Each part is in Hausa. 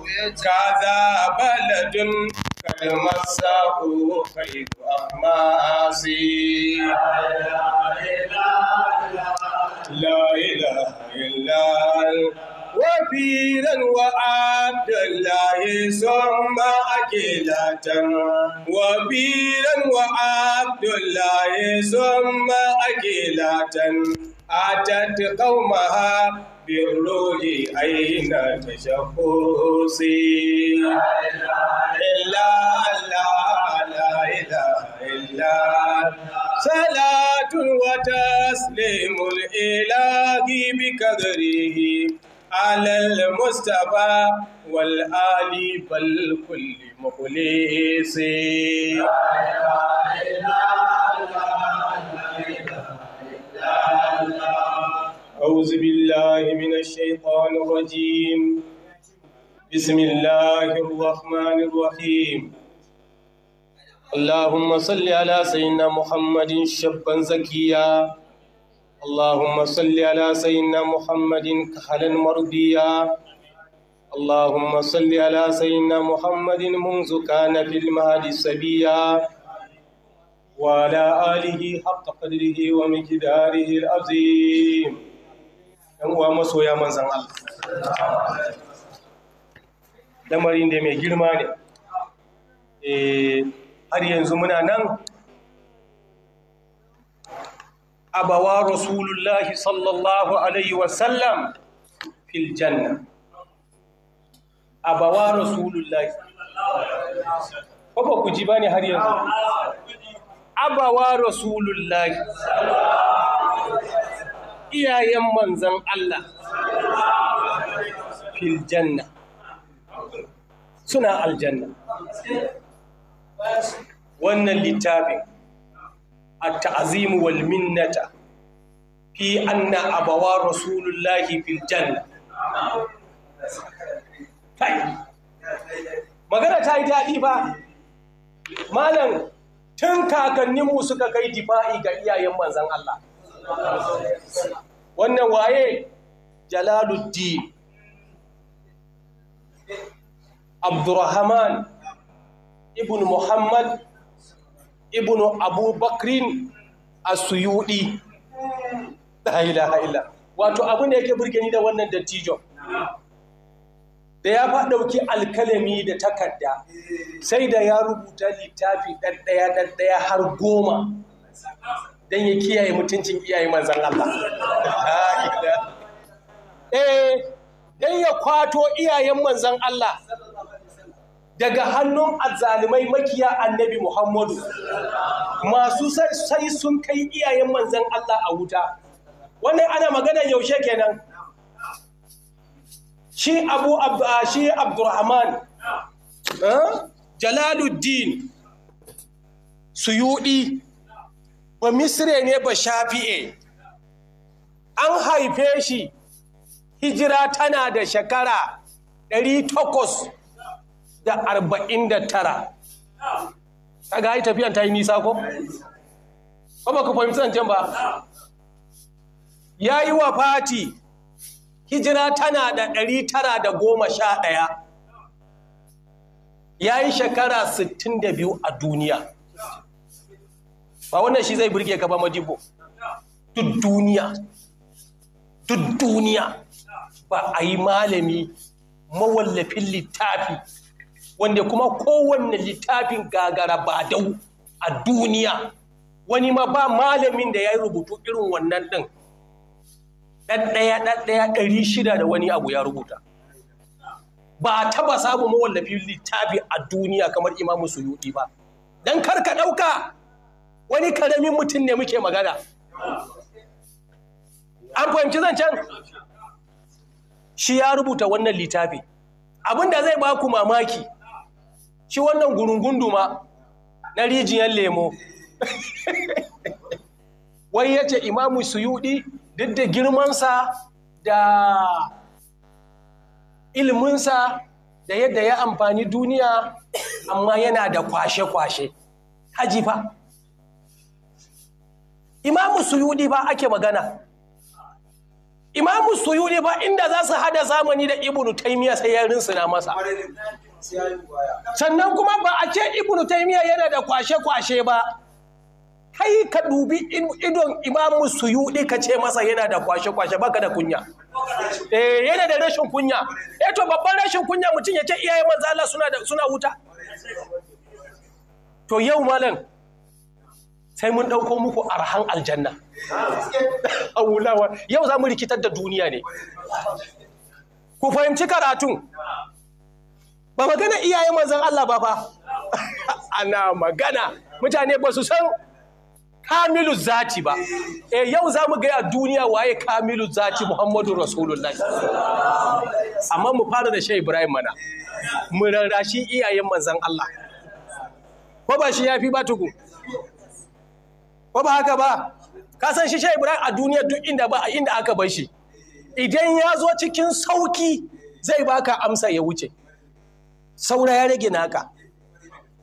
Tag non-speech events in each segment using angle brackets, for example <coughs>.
كذا بلد كالمساق خير لا إله إلا وبيرا وعبد الله ثم أكلة وبيرا وعبد الله ثم أكلة أتت قومها biyoloyi ayina mai shafo si laila laila laila salatu wata silimul ilahi bi kagarihi alal mustapha wal ali bal kulli mukhlisi laila laila laila laila أعوذ بالله من الشيطان الرجيم بسم الله الرحمن الرحيم اللهم صل على سيدنا محمد شابا زكيا اللهم صل على سيدنا محمد كحلا مرضيا اللهم صل على سيدنا محمد منذ كان في المهد سبيا وعلى آله حق قدره ومقداره العظيم ‘yan uwa masoya manzan Allah. Lamarin da mai girma ne, eh, har yanzu muna nan, abawa Rasulullahi sallallahu Alaihi wasallam fil janna. Abawa Rasulullahi. Kwaba ku ji ba ne har yanzu? Abawa Rasulullahi. iyayen manzan Allah fil janna suna aljanna wannan littafin A ta'azimu wal minnata fi anna abawa rasulullahi fil janna magana ta yi daɗi ba malam tun kakanninmu suka kai difa'i ga iyayen manzan Allah wannan waye jalaluddin abdurrahman ibn muhammad ibn abubakrin asuyudi la ilaha illa wato abin da yake burgeni da wannan dattijo da ya faɗauki alkalami da takarda sai da ya rubuta littafi ɗanɗaya ɗanɗaya har goma don ya kiyaye mutuncin iyaye manzan Allah eh don ya kwato iyayen manzan Allah daga hannun azzalumai makiya annabi Muhammadu masu sai sun kai iyayen manzan Allah a wuta wannan ana magana yaushe kenan shi abu ah, shi abdurrahman ah, jalaluddin suyudi ba misre ne ba shafi'e an haife shi hijira tana da shekara 849 kaga yi tafiyan ta yi nisa ko? ko ba ku fahimci zancen ba ya yi wa fati hijira tana da 911 ya yi shekara 62 a duniya ba wannan shi zai burge ka ba madibo duk duniya duk duniya ba a yi malami mawallafin littafi wanda kuma kowanne littafin gagara ba dau a duniya wani ma ba malamin da ya yi rubutu irin wannan ɗin ɗaɗɗaya ɗaya ɗari shida da wani abu ya rubuta ba a taba samun mawallafin littafi a duniya kamar imamu suyuɗi ba don karka ɗauka wani karamin mutum ne muke magana an fahimci zancen shi ya rubuta wannan littafi da zai baku mamaki shi wannan gurungunduma na rijiyar lemo <laughs> wai ya ce imamu yudi duk da girmansa da ilminsa da yadda ya amfani duniya amma yana da kwashe-kwashe hajifa imamu suyudi ba ake magana imamu suyudi ba inda za su hada zamani da ibnu taimiyya sai ya na masa sannan kuma ba a ce ibnu taimiyya yana da kwashe-kwashe ba kai ka dubi idon imamu suyudi ka ce masa yana da kwashe-kwashe baka da kunya eh yana da rashin kunya eh to babban rashin kunya mutum ya ce iyaye manzala suna suna wuta to yau malam sai mun ɗauko muku arhan aljanna <laughs> yau za mu rikitar da duniya ne ku fahimci karatun ba magana iyaye manzan Allah ba ba <laughs> ana magana mutane ba su san kamilu zati ba e yau za mu gaya duniya waye kamilu zati muhammadu rasulullahi amma mu fara da shai ibrahim mana mu rarrashi iyayen manzan Allah ko ba shi ya fi ba tuku ba ba haka ba ka san shi shehu ibrahim a duniya duk inda ba inda aka bar shi idan ya zo cikin sauki zai baka amsa ya wuce saura ya rage naka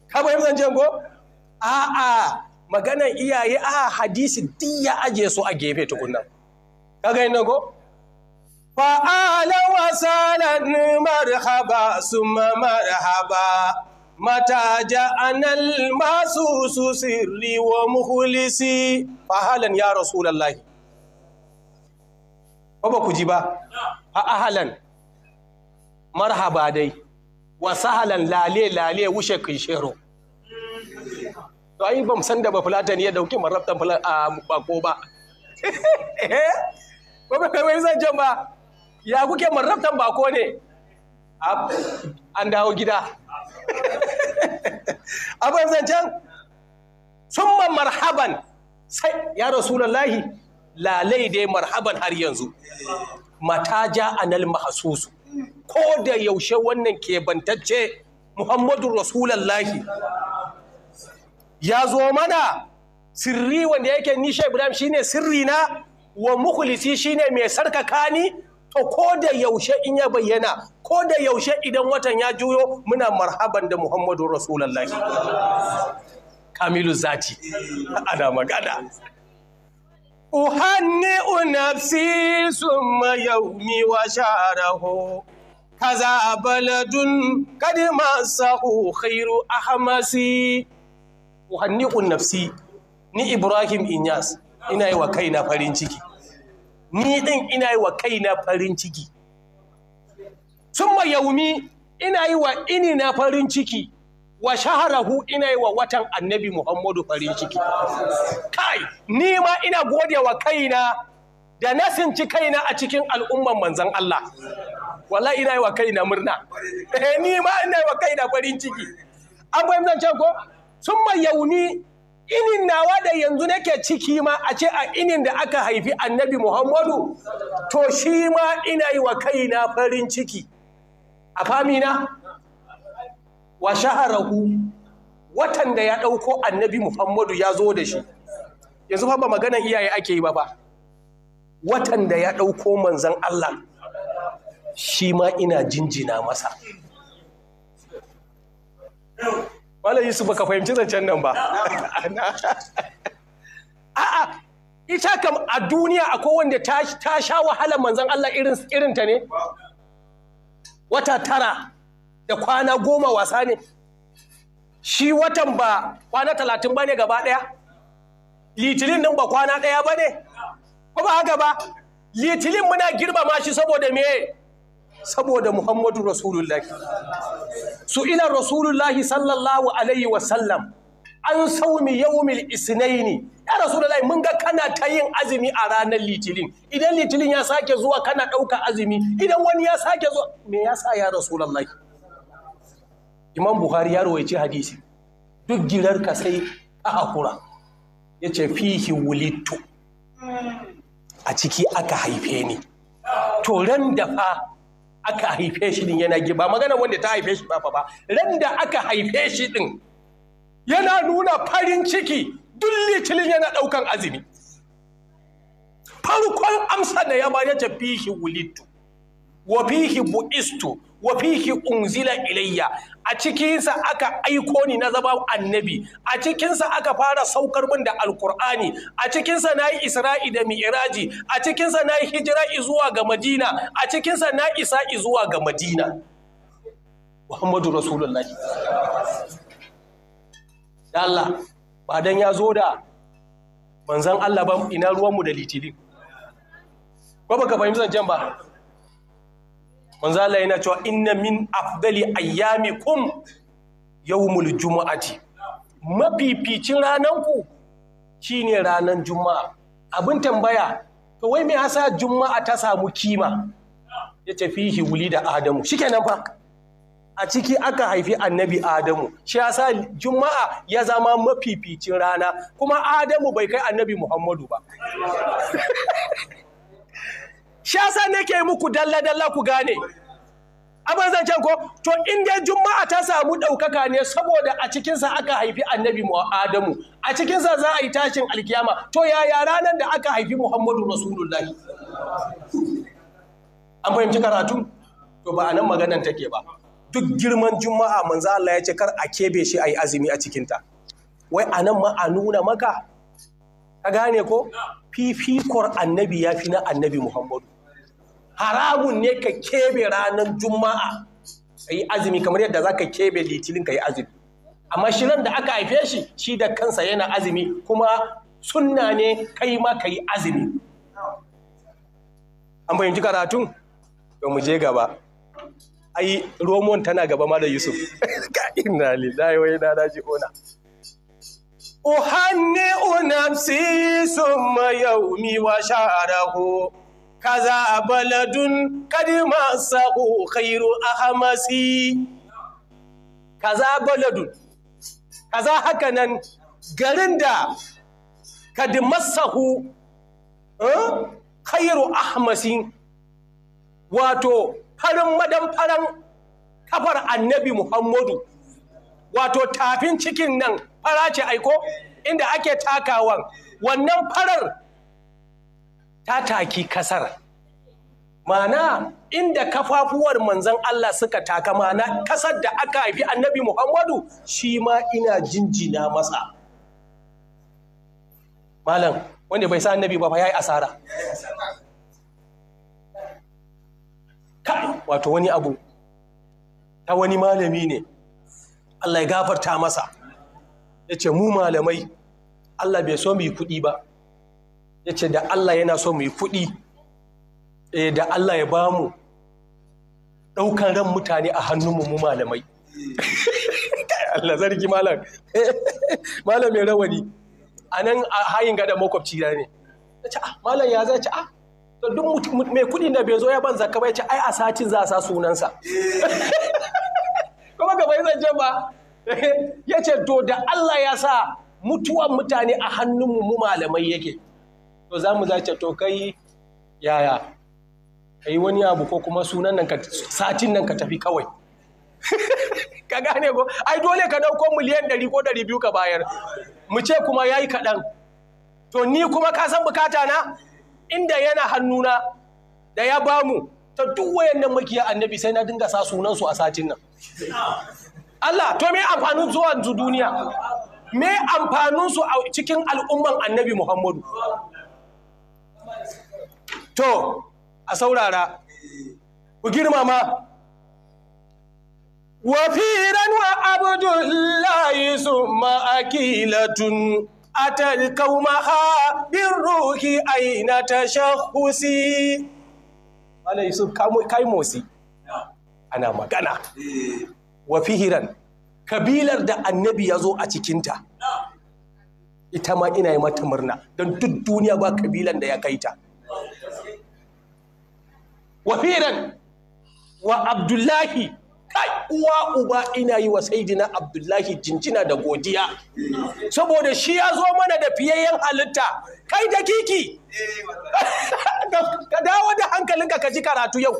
ka bayan jango ko a'a maganan iyaye a hadisi duk ya aje su a gefe tukunna ka ga ina ko fa'ala wasalan marhaba summa marhaba mata anal masu su sirri wa Fa fahalan ya rasulallahi ba ba ku ji ba a ahalan marhaba dai wa sahalan lale lale wushe kishero to ai ban san da ba ne ya dauke marabtan fulata, ba ko ba kai wai zan ba ya kuke marabtan bako ne an dawo gida abar <laughs> zancen summa marhaban sai ya rasulallahi lalai dai marhaban har yanzu mata ja anal mahasusu ko da yaushe wannan kebantacce muhammadu rasulallahi ya zo mana sirri wanda yake nishe ibrahim shine sirri na wa mukulisi shine mai sarkaka ni to ko da yaushe in ya bayyana ko da yaushe idan watan ya juyo muna marhaban da muhammadu Rasulallah. kamilu zati ana magana أهنئ نفسي ثم wa وشعره كذا بلد قد مسه خير أحمسي uhanni نفسي ni Ibrahim Inyas ina yi wa kaina farin ciki ni din ina yi wa kaina farin ciki sun ma yaumi ina yi wa ini na farin ciki wa shaharahu ina yi wa watan annabi muhammadu farin ciki kai ni ma ina gode wa kaina da na sinci kaina a cikin al'umman manzan Allah wala ina yi wa kaina murna eh, ni ma ina yi wa kaina farin ciki an bayan ce ko sun ma yauni inin nawa da yanzu nake ciki ma a ce a inin da aka haifi annabi muhammadu to shi ma ina yi wa kaina farin ciki a famina wa shaharahu watan da ya ɗauko annabi muhammadu ya zo da shi yanzu ba maganan iyaye ake yi ba ba watan da ya ɗauko manzan allah shi ma ina jinjina masa Wala Yusuf baka fahimci zancen nan ba. <laughs> A'a, ita kam a duniya akwai wanda ta sha wahalar manzan Allah irin ta ne? Wata tara da kwana goma wasa ne. Shi watan ba kwana talatin ba ne gaba ɗaya? Litilin nan ba kwana ɗaya ba ne? Ba haka ba, litilin muna ma shi saboda me saboda Muhammadu Rasulullahi. Su ina Rasulullahi sallallahu Alaihi wasallam an saumi isnai isnaini ya Rasulullahi mun ga kana ta yin azumi a ranar litilin idan litilin ya sake zuwa kana ɗauka azumi idan wani ya sake zuwa me ya sa ya Rasulullahi. Imam Buhari ya rawaice hadisi duk girarka sai a hakura ya ce fihi wulittu a ciki aka haife ni. To ran da fa aka haife shi din yana ba magana wanda ta haife shi ba ba ran da aka haife shi din yana nuna farin ciki duk litinin yana daukan azumi farkon amsa da ya ba ya tafi fihi wulitu wa fihi bu'istu wa fihi unzila ilayya a cikinsa aka aiko ni na zama annabi a cikinsa aka fara saukar min da alkur'ani a cikinsa na yi isra'i da mi'iraji a cikinsa na yi hijira zuwa ga madina a cikinsa na isa zuwa ga madina muhammadu rasulullahi da Allah ba don ya zo da manzan Allah ba ina ruwanmu da litilin ba baka fahimtar jan ba manzo Allah yana cewa inna min afdali ayyamikum yawmul jumu'ati mafificin ranan ku shine ranan juma'a abin tambaya to wai me yasa juma'a ta samu kima ya tafihi wuli da adamu shikenan fa a ciki aka haifi annabi adamu shi yasa juma'a ya zama mafificin rana kuma adamu bai kai annabi muhammadu ba <laughs> shasa nake muku dalla dalla ku gane abin zancen ko to in dai juma'a ta samu ɗaukaka ne saboda a cikinsa aka haifi annabi adamu a cikinsa za a yi tashin alkiyama to yaya ranar da aka haifi muhammadu rasulullahi an fahimci karatu to ba a nan maganan take ba duk girman juma'a manzo Allah ya ce kar a kebe shi ayi azumi a cikinta wai a nan ma a nuna maka ka gane ko fifikor annabi ya fi na annabi muhammadu haramun ne ka kebe ranar juma'a ka yi azumi kamar yadda za ka kebe litilin ka yi azumi amma shi nan da aka haife shi shi da kansa yana azumi kuma sunna ne kai ma ka yi azumi an fahimci karatun ba mu je gaba ai romon tana gaba ma da yusuf <laughs> ka lillahi wa inna ilaihi raji'un kaza baladun kadima sa'u khairu ahmasi kaza baladun kaza haka nan garin da kadimassahu eh, khairu ahmasi wato farin madan faran kafar annabi muhammadu wato tafin cikin nan fara ce aiko inda ake takawan wannan farar ta taki kasar mana inda kafafuwar manzan Allah suka taka mana kasar da aka haifi annabi Muhammadu shi ma ina jinjina masa malam wanda bai sa annabi ba fa yi asara wato wani abu ta wani malami ne Allah ya gafarta masa Ya ce mu malamai Allah bai so mu yi kuɗi ba ya ce da Allah yana so mu yi kuɗi e da Allah ya ba mu ɗaukan ran mutane a hannunmu mu malamai <laughs> Allah zargi malam <laughs> malam mai rawani a nan a hayin gada makwabci na ne ya ce ah, malam ya zai ce ah duk mai kuɗi da bai zo ya ban zakka ba ya ce ai a satin za a sa sunansa <laughs> kuma gaba ya zance ba ya ce to da Allah ya sa mutuwan mutane a hannunmu mu malamai yake to za mu zace to kai yaya kai yi wani abu ko kuma sunan nan ka satin nan ka tafi kawai <laughs> ka gane ko ai dole ka dauko miliyan ɗari ko ɗari biyu ka bayar mu ce kuma yayi kaɗan to ni kuma ka san bukata na inda yana hannuna da ya bamu ta duk wayannan makiya annabi sai na dinga sa sunan su a satin nan Allah to me amfanin zuwa duniya me amfanin su a cikin al'umman annabi Muhammadu to a saurara ku girmama wafiran wa abdullahi summa akilatun atal kaumaha bin ruhi aina tashahusi yi su kai motsi ana magana eh. wa wafihiran kabilar da annabi ya zo a cikinta ita ma ina yi mata murna don duk duniya ba kabilan da ya kai ta wafiran wa abdullahi kai uwa uba ina yi wa saidina abdullahi jinjina da godiya saboda shi ya zo mana da fiyayyen halitta kai da kiki <laughs> ka dawo da hankalinka ka ji karatu yau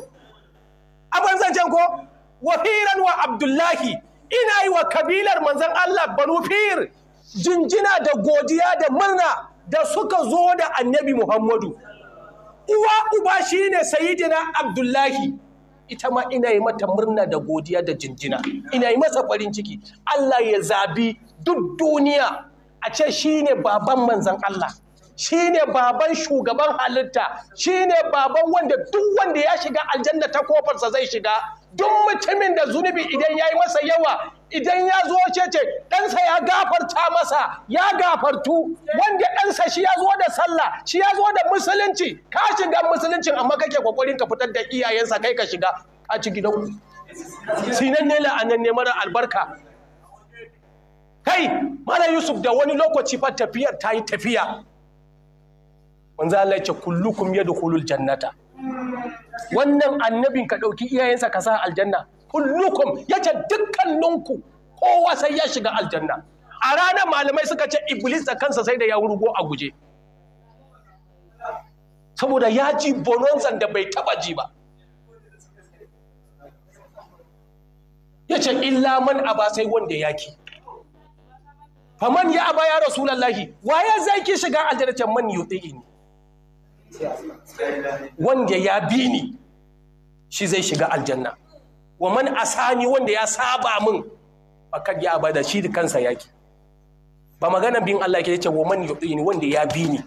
abin zancen ko wafiran wa abdullahi ina yi wa kabilar manzan allah banu fir jinjina da godiya da murna da suka zo da annabi Muhammadu. Uwa uba shi ne sayidina Abdullahi, ita ma ina yi mata murna da godiya da jinjina, ina yi masa farin ciki. Allah ya zabi duk duniya a ce shi ne baban manzan Allah. Shi ne baban shugaban halitta, shi ne baban wanda duk wanda ya shiga aljanna ta kofarsa zai shiga, duk mutumin da zunubi idan ya yi masa yawa idan ya zo ce ɗansa ya gafarta masa ya gafartu wanda ɗansa shi ya zo da sallah shi ya zo da musulunci ka shiga musuluncin amma kake kokarin ka fitar da iyayensa kai ka shiga a ci gidan sinan ne la'anan ne mara albarka kai mara yusuf da wani lokaci fa tafiyar ta yi tafiya wanzu Allah ya ce kullukum yadkhulul jannata wannan annabin ka dauki iyayensa ka sa aljanna kullukum yace dukkaninku kowa sai ya shiga aljanna a ranar malamai suka ce iblis da kansa sai da ya wurgo a guje saboda ya ji bononsan da bai taba ji ba ya ce illa man aba sai wanda ya ki faman ya aba ya rasulallahi waye zai ki shiga aljanna ce man ne? wanda ya bi ni shi zai shiga aljanna wa man asani wanda ya saba min fakad ya abada shi da kansa yake ba magana bin Allah yake ce wa man yu'ini wanda ya bi ni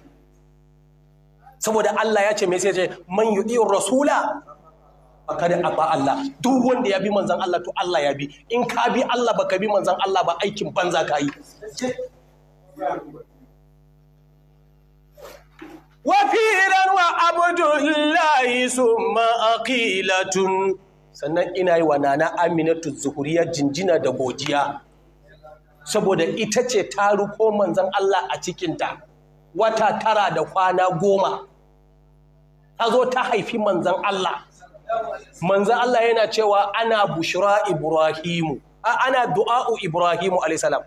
saboda Allah ya ce me sai ce man yu'ir rasula fakad aba Allah duk wanda ya bi manzon Allah to Allah ya bi in ka bi Allah baka bi manzon Allah ba aikin banza ka yi wa وعبد الله ثم أقيلة sannan ina yi wa nana aminatu zuhuriya jinjina da godiya saboda ita ce ta ruko manzan Allah a cikinta wata tara da kwana goma ta zo ta haifi manzan Allah manzan Allah yana cewa ana bushra ibrahimu ana du'a'u ibrahimu alaihissalam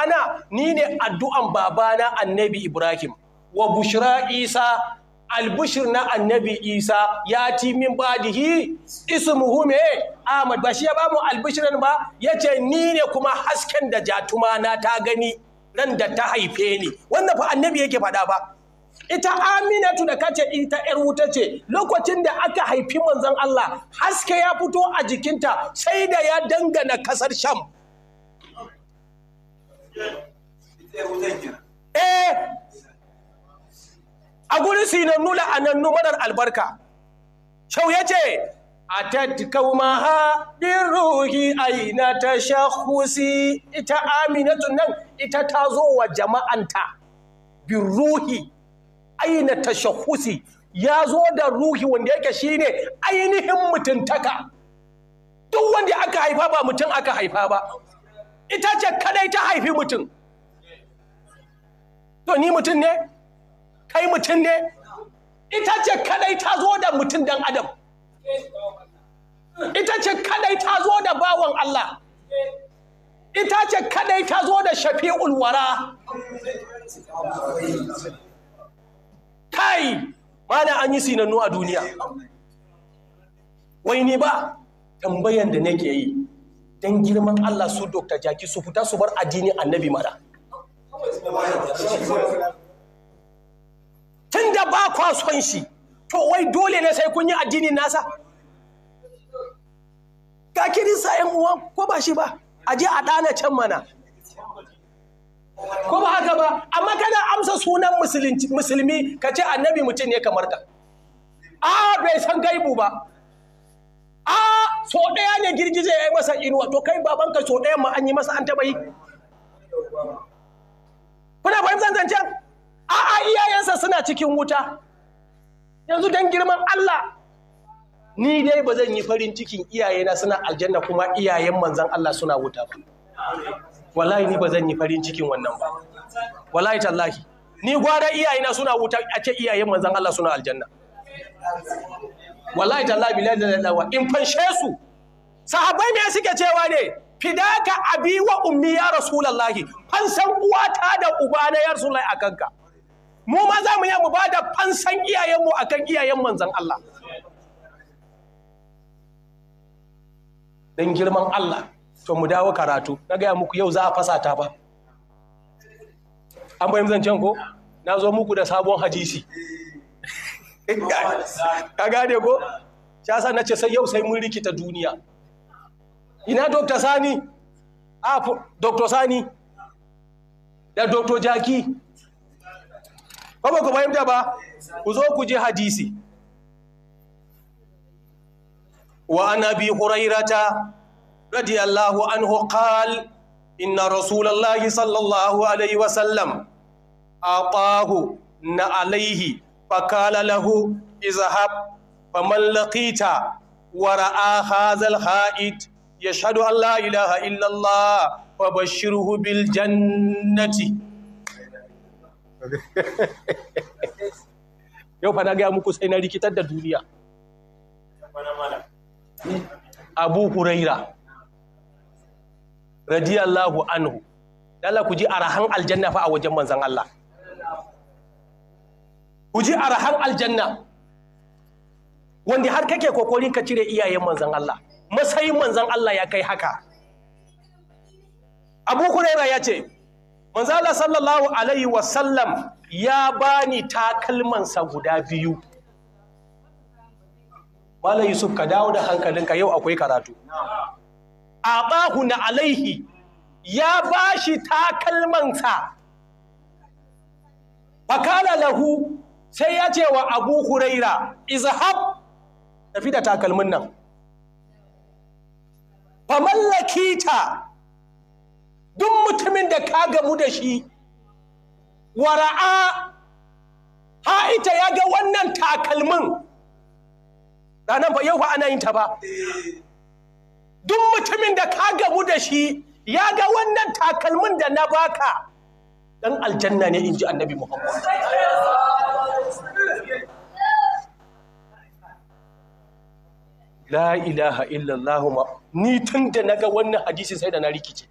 ana ni ne addu'an babana annabi ibrahim wa bushira isa albushir na annabi isa ya ti min badihi ismuhu me ahmad ba shi ya bamu albushirin ba Ya ce ni ne kuma hasken da jatuma na ta gani nan da ta haife ni wannan fa annabi yake faɗa ba ita aminatu da kace ita yar wuta ce lokacin da aka haifi manzon Allah haske ya fito a jikinta sai da ya dangana kasar sham eh a gurin a nan numarar albarka shau ya ce nan ita ta zo wa ta zo wa a yi na ta sha kusi? ya zo da ruhi wanda yake ne? ainihin mutuntaka duk wanda aka haifa ba mutum aka haifa ba ita ce kadai ta haifi mutum to ni mutum ne kai mutum ne ita ce kadai ta zo da mutum dan adam ita ce kadai ta zo da bawan Allah ita ce kadai ta zo da shafi'ul wara kai mana an yi sinannu a duniya wai ni ba tambayan da nake yi dan girman Allah su Dr. Jaki su fita su bar addinin annabi mara tun da ba kwa son shi to wai dole ne sai kun yi addinin nasa ga kirista yan uwan ko ba shi ba a je a ɗana can mana ko ba haka ba amma kana amsa sunan musulmi ka ce annabi mutum ne kamar ka a bai san gaibu ba a so ɗaya ne girgije ya yi masa inuwa to kai babanka so ɗaya ma an yi masa an taɓa yi kuna fahimtar zancen a'a iyayensa suna cikin wuta yanzu don girman Allah ni dai ba zan yi farin cikin iyayena suna aljanna kuma iyayen manzan Allah suna wuta ba wallahi ni ba zan yi farin cikin wannan ba wallahi tallahi ni gwada iyayena suna wuta a ce iyayen manzan Allah suna aljanna wallahi tallahi bilal da lawa in fanshe su sahabbai me suke cewa ne fidaka abi wa ummi ya rasulullahi fansan ta da uba na ya rasulullahi akanka mu ma za mu yi mu ba da fansan iyayenmu a kan iyayen manzan Allah don girman Allah to mu dawo karatu na gaya muku yau za a fasa ta ba an bayan zancen ko na zo muku da sabon hadisi <laughs> ka gane ko shasa na ce sai yau sai mun rikita duniya ina dr sani Ah, dr sani da dr jaki ba ba ku fahimta ba ku zo ku ji hadisi wa an abi hurairata radiyallahu anhu qal inna rasulullahi sallallahu alaihi wasallam aqahu na alaihi fakala lahu izhab faman laqita wa ra'a hadha haid ya an la ilaha illa allah fabashshirhu bil jannati <laughs> yau fa na gaya muku sai na rikitar da duniya abu huraira radiyallahu anhu dala ku ji arahan aljanna fa a wajen manzan Allah ku ji arahan aljanna wanda har kake kokorin ka cire iyayen manzan Allah masayin manzan Allah ya kai haka abu huraira ya ce manzala sallallahu alaihi wasallam ya bani takalmansa guda biyu Malam Yusuf ka dawo da hankalinka yau akwai karatu. Abahu na alaihi ya bashi takalmansa. Fakala lahu sai ya ce wa Abu Huraira, "Izhab, tafi da takalmin nan." mallaki ta duk mutumin da ka gamu da shi wara'a ha'ita ya ga wannan takalmin ranar ba yau ana yin ta ba duk mutumin da ka gamu da shi ya ga wannan takalmin da na baka dan aljanna ne in ji annabi muhammad la ilaha illallah ni tun da na ga wannan hadisi sai da na rikice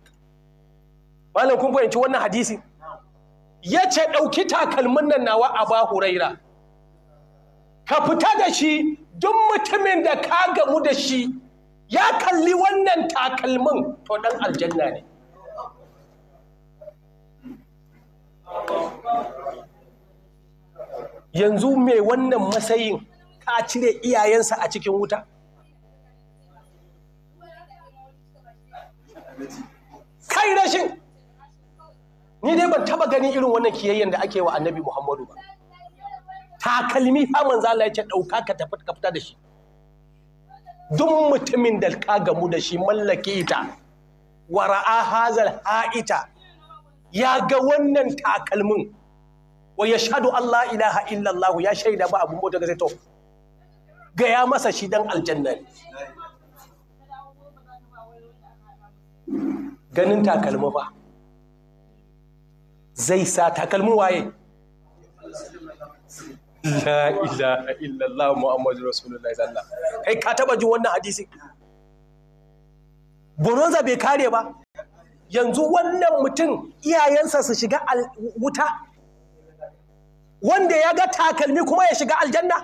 malam kun fahimci wannan hadisi ya ce ɗauki takalmin nan nawa a ba huraira ka fita da shi duk mutumin da ka gamu da shi ya kalli wannan takalmin to ɗan aljanna ne yanzu mai wannan matsayin ka cire iyayensa a cikin wuta kai rashin ni dai ban taba gani irin wannan kiyayyen da ake wa annabi muhammadu ba takalmi fa manzo Allah ya ce dauka ka tafi ka fita da shi duk mutumin da ka gamu da shi mallake ita wa ra'a hazal ha'ita ya ga wannan takalmin wa yashhadu Allah ilaha Allah ya shaida ba abun bauta ga to ga ya masa shi dan aljanna ganin takalmi ba. zai sa takalmin waye la ilaha illallah muhammadu rasulullahi sallah kai ka taba jin wannan hadisi bononza bai kare ba yanzu wannan mutum iyayensa su shiga wuta wanda ya ga takalmi kuma ya shiga aljanna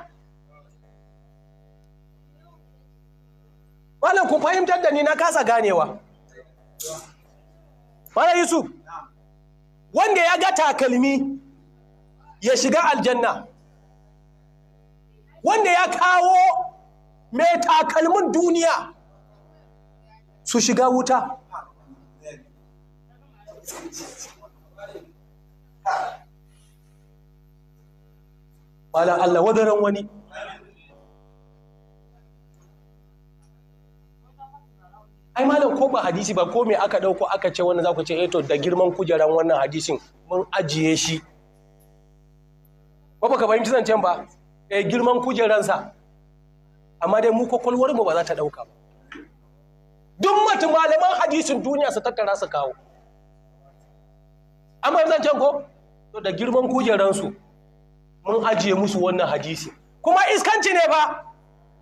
malam ku fahimtar da ni na kasa ganewa Fara yusuf wanda ya ga takalmi ya shiga aljanna wanda ya kawo mai takalmin duniya su shiga wuta ƙwala Allah wadaran wani ai malam ko ba hadisi ba ko me aka dauko aka ce wannan za ku ce eh to da girman kujeran wannan hadisin mun ajiye shi ba baka fahimci zancen ba eh girman kujeran sa amma dai mu kokolwar mu ba za ta dauka ba duk mutum malaman hadisin duniya su tattara su kawo amma yanzu zancen ko to da girman kujeran su mun ajiye musu wannan hadisi kuma iskanci ne ba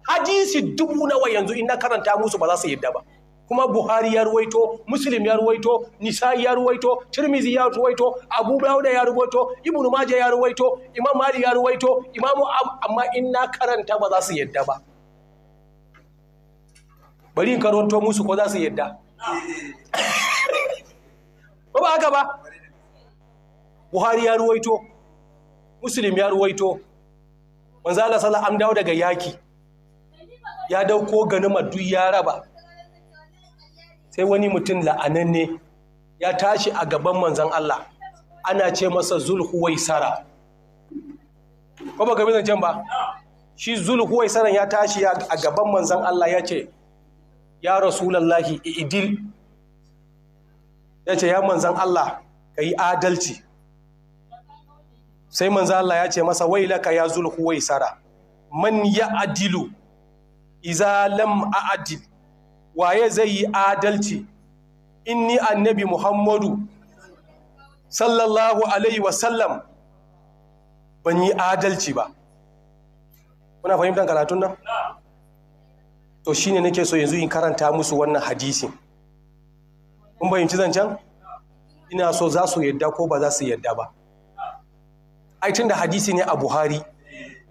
hadisi dubu nawa yanzu in na karanta musu ba za su yadda ba kuma Buhari ya ruwaito, Muslim ya ruwaito, Nisa'i ya ruwaito, Tirmizi ya ruwaito, Abu Dawud ya ruwaito, ibnu Majah ya ruwaito, Imam Mali ya ruwaito, Imam amma in na karanta ba za su yadda ba. Bari in karanto musu ko za su yadda. Ba ba haka ba. Buhari ya ruwaito, Muslim ya ruwaito, Manzala Sallah an dawo daga yaki. Ya dauko ganima duk ya raba. sai wani mutum la'ananne ya tashi a gaban manzan Allah ana ce masa zulhuwaisara ko ba gabin zancen ba shi zulhuwaisara ya tashi a gaban manzan Allah ya ce ya rasulallahi idil ya ce ya manzan Allah ka yi adalci sai manzan Allah ya ce masa wailaka ya zulhuwaisara man ya adilu iza lam a adil waye zai yi adalci inni annabi muhammadu sallallahu alaihi wasallam ban yi adalci ba kuna fahimtar karatun nan to shi shine nake so yanzu in karanta musu wannan hadisi kun fahimci zancen ina so za su yadda ko ba za su yadda ba ai da hadisi ne a buhari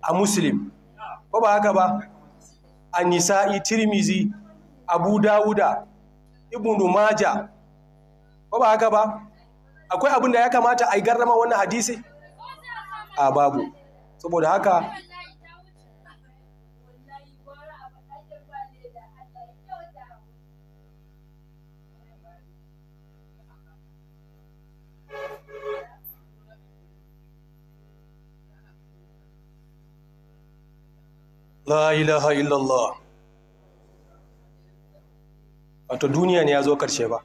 a muslim ko ba haka ba a nisa'i tirmizi abu dawuda ibnu maja ba ba haka ba akwai abin da ya kamata a yi garrama wannan hadisi a babu saboda haka La ilaha illallah wato duniya ne ya zo karshe ba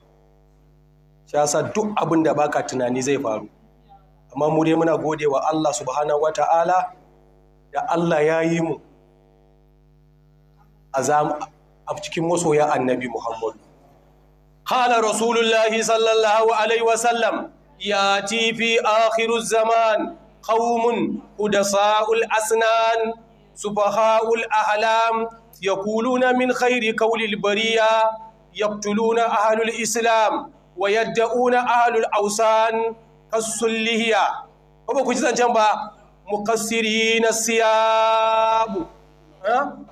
shi sa duk abin da baka tunani zai faru amma mu dai muna godewa Allah subhanahu ta'ala da Allah ya yi mu a cikin masoya annabi Muhammad Kana Rasulullahi sallallahu Alaihi wasallam ya ti fi akhiru zaman qawmun udasa'ul asnan sufaha'ul ahlam na min khairi qawli al-bariya يقتلون أهل الإسلام ويدعون أهل الأوسان كالسلهية أبو كجزان جنبا مقصرين الثياب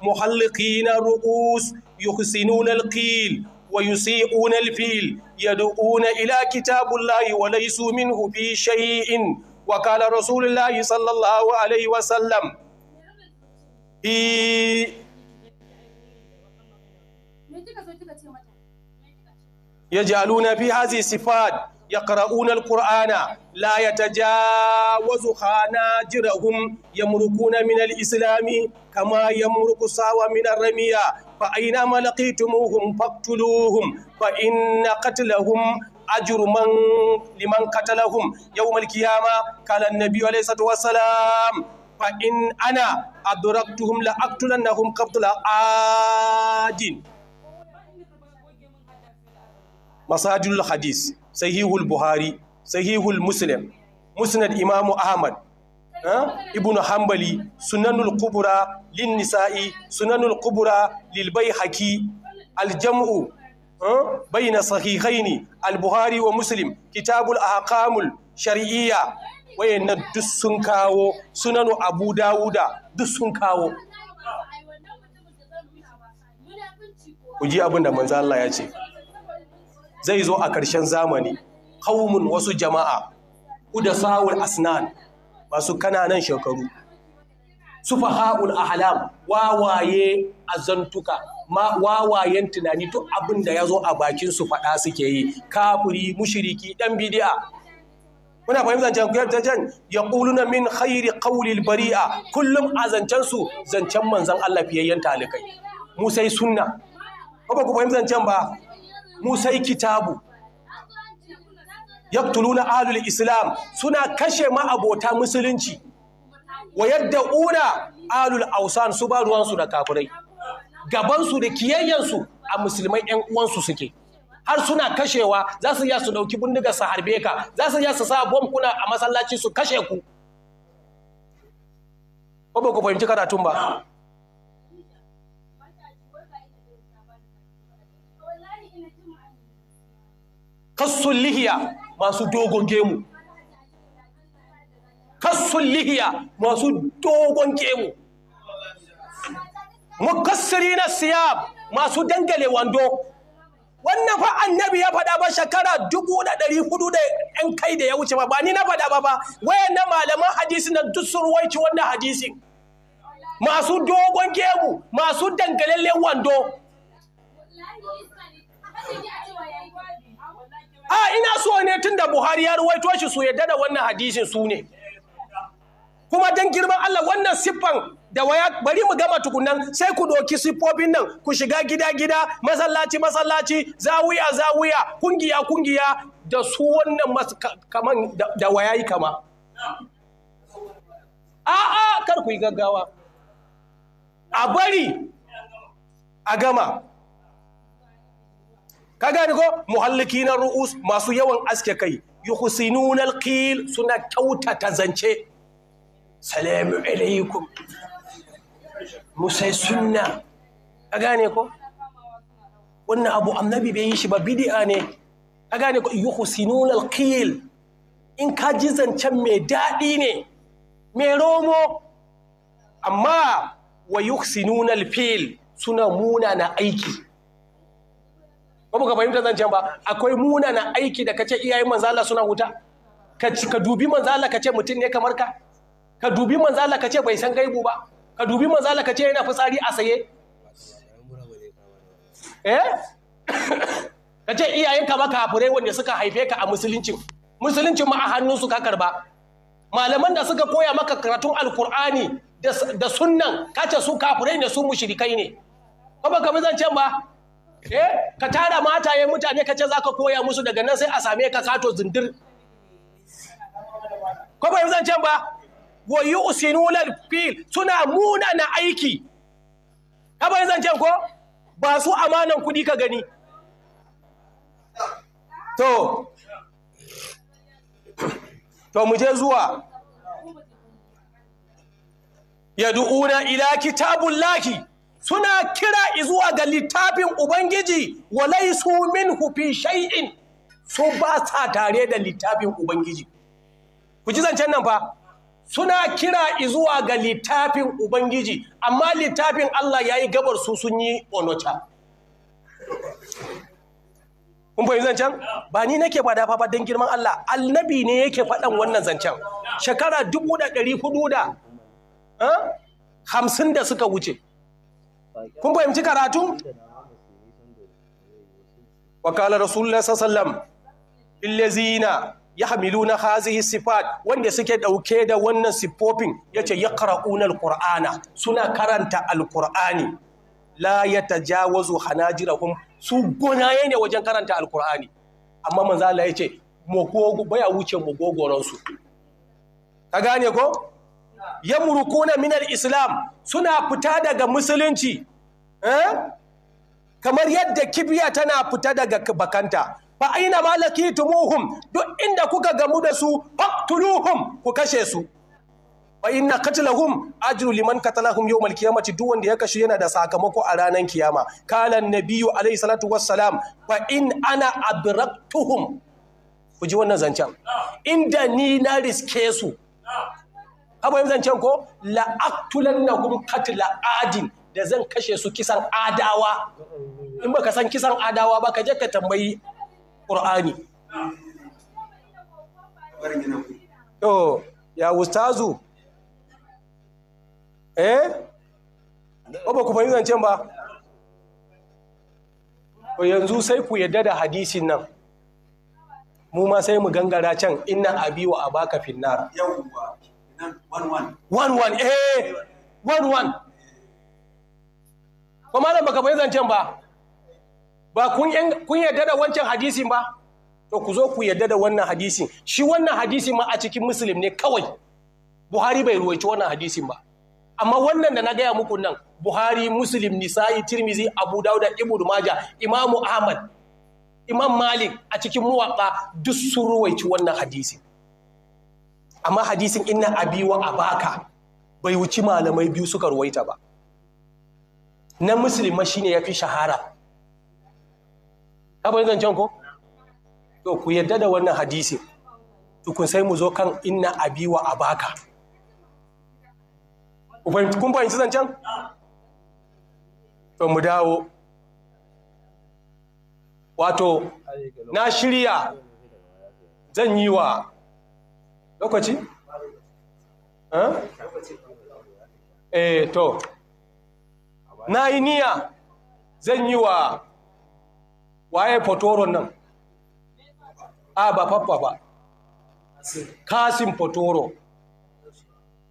محلقين الرؤوس يحسنون القيل ويسيئون الفيل يدعون إلى كتاب الله وليسوا منه في شيء وقال رسول الله صلى الله عليه وسلم في yaj'aluna fi hazi sifat yaqra'una alqur'ana la yatajawazu Ya yamrukuna min alislami kama yamruku sawa minar arramiya fa aina ma laqitumuhum faqtuluhum fa inna qatlahum ajruman liman qatalahum yawm alqiyama qala an-nabi alayhi salatu wassalam fa in ana adraktuhum la aqtulannahum qabla adin masajul hadis sahihul buhari sahihul muslim musnad imamu ahmad ibnu hambali sunanul kubura lin nisa'i sunanul kubura lil baihaqi al jam'u bayna sahihaini al buhari wa muslim kitabul ahkamul shar'iyya wayannan duk sun kawo sunanu abu dawuda duk sun kawo ku ji abin da manzo Allah ya ce zai zo a ƙarshen zamani qaumun wasu jama'a udasawul asnan masu kananan shekaru su a halam wawaye azantuka ma wawayen tunani duk abin da ya zo a bakin su faɗa suke yi kafuri mushiriki ɗan bidiya muna fahimtar zancen jan ya ƙuluna min khairi ƙaulil bari'a kullum a zancen su zancen manzan Allah fiyayyen talikai mu sai sunna ba ku fahimtar zancen ba mu sai kitabu yaqtuluna ahlul islam suna kashe ma'abota musulunci wa yadda una alul ausan su ba ruwansu da kafirai gabansu da kiyayyansu a musulmai yan uwansu suke har suna kashewa za su iya su dauki bindiga su harbe ka za su iya su sa bom kuna a masallaci su kashe ku ba ku fahimci karatun ba kassun lihiya masu dogon gemu kassun lihiya masu dogon gemu mukassiri na siyab masu dangale wando wannan fa annabi ya faɗa ba shekara dubu da ɗari hudu da ‘yan kai da ya wuce ba ba ni na faɗa ba ba wayan na malaman hadisi na duk sun ruwaici wannan hadisin masu dogon gemu masu dangalallen wando a ina so ne tunda buhari ya ruwaito shi su yadda da wannan hadisin su ne kuma don girman Allah wannan siffan da waya bari mu gama tukunan sai ku doki siffofin nan ku shiga gida gida masallaci masallaci zawiya zawiya kungiya kungiya da su wannan kaman da wayayi kama a'a kar ku yi gaggawa a bari a gama ka gane ko muhalliki na ru'us masu yawan aske kai yuhsinuna alqil suna kyautata zance salamu alaikum musai sunna ka gane ko wannan abu annabi bai yi shi ba bidi'a ne ka gane ko yuhsinuna alqil in ka ji zancen mai daɗi ne mai romo amma wa yuhsinuna alfil suna muna na aiki ba mu ka fahimta zancen ba akwai munana aiki da kace iyayen manzo Allah suna huta ka ka dubi manzo Allah kace mutum ne kamar ka ka dubi manzo Allah kace bai san gaibu ba ka dubi manzo Allah kace yana fitsari a saye eh kace <coughs> iyayen ka ba kafirai wanda suka haife ka a musuluncin musuluncin ma a hannunsu ka karba malaman da suka koya maka karatun alkur'ani da sunnan kace su kafirai ne su mushrikai ne kuma zan can ba eh ka tara mataye mutane ka ce za ka koya musu daga nan sai a same ka sato zindir ko ba zan can ba wa yusinuna fil suna muna na aiki ka ba zan can ko ba su amanan kudi ka gani to to mu je zuwa yad'una ila kitabullahi suna kira zuwa ga littafin ubangiji walai su min hufi shai'in su ba sa tare da littafin ubangiji ku ji zancen nan fa suna kira izuwa ga littafin ubangiji amma littafin Allah ya yi gabar su sun yi onota kun fahimci zancen ba ni nake ba dafa ba don girman Allah annabi ne yake faɗan wannan zancen shekara dubu da ɗari hudu da hamsin da suka wuce kun fahimci karatu Wakala qala rasulullah sallallahu alaihi ya hamilu na hazihi sifat wanda suke ɗauke da wannan siffofin ya ce ya ƙara'unar suna karanta Al-Qur'ani. la ya ta jawazu su gonaye ne wajen karanta Al-Qur'ani amma manzala ya ce baya wuce magogoronsu ka gane ko yamrukuna minar islam suna fita daga musulunci eh? kamar yadda kibiya tana fita daga bakanta fa aina malakitumuhum duk inda kuka gamu da su faqtuluhum ku kashe su fa inna qatlahum ajru liman qatalahum yawmal qiyamati duk wanda ya kashe yana da sakamako a ranar kiyama kala nabiyyu alayhi salatu wassalam fa in ana abraqtuhum ku ji wannan zancen inda ni na riske su abu yanzu zancen ko la'aqtulannahum qatla la'adin da zan kashe su kisan adawa in ba ka san kisan adawa ba ka je ka tambayi ƙur'ani to ya ustazu eh ko ba ku fahimta zancen ba yanzu sai ku yadda da hadisin nan mu ma sai mu gangara can ina abi wa abaka finnar yawwa one eh one one ba malam bai zancen ba ba kun yarda da wancan hadisin ba to ku zo ku yarda da wannan hadisin shi wannan hadisin ma a cikin muslim ne kawai buhari bai ruwaici wannan hadisin ba amma wannan da na gaya muku nan buhari muslim nisa'i tirmizi abu dauda ibnu maja imamu ahmad imam malik a cikin muwaƙa duk sun ruwaici wannan hadisin amma hadisin inna abi wa abaka bai wuci malamai biyu suka ruwaita ba na musulma shine yafi shahara abin can ko to ku yadda da wannan hadisin tukun sai mu zo kan inna abi wa abaka kun fahimci zancen to mu dawo wato na shirya zan yi wa lokaci? eh to na yi niya zan yi wa waye fotoron nan a ba faffa ba kasin fotoro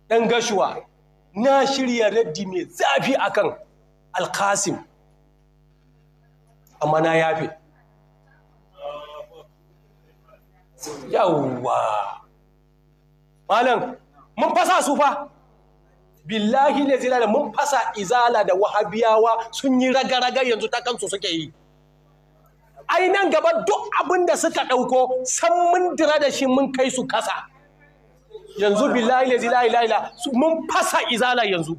ɗan gashuwa na shirya raddi mai zafi akan alkasim amma na yafe yawwa malam mun fasa su fa billahi ne mun fasa izala da wahabiyawa sun yi raga-raga yanzu ta kansu suke yi ai nan gaba duk abin da suka ɗauko san mun dira da shi mun kai su kasa yanzu billahi ne mun fasa izala yanzu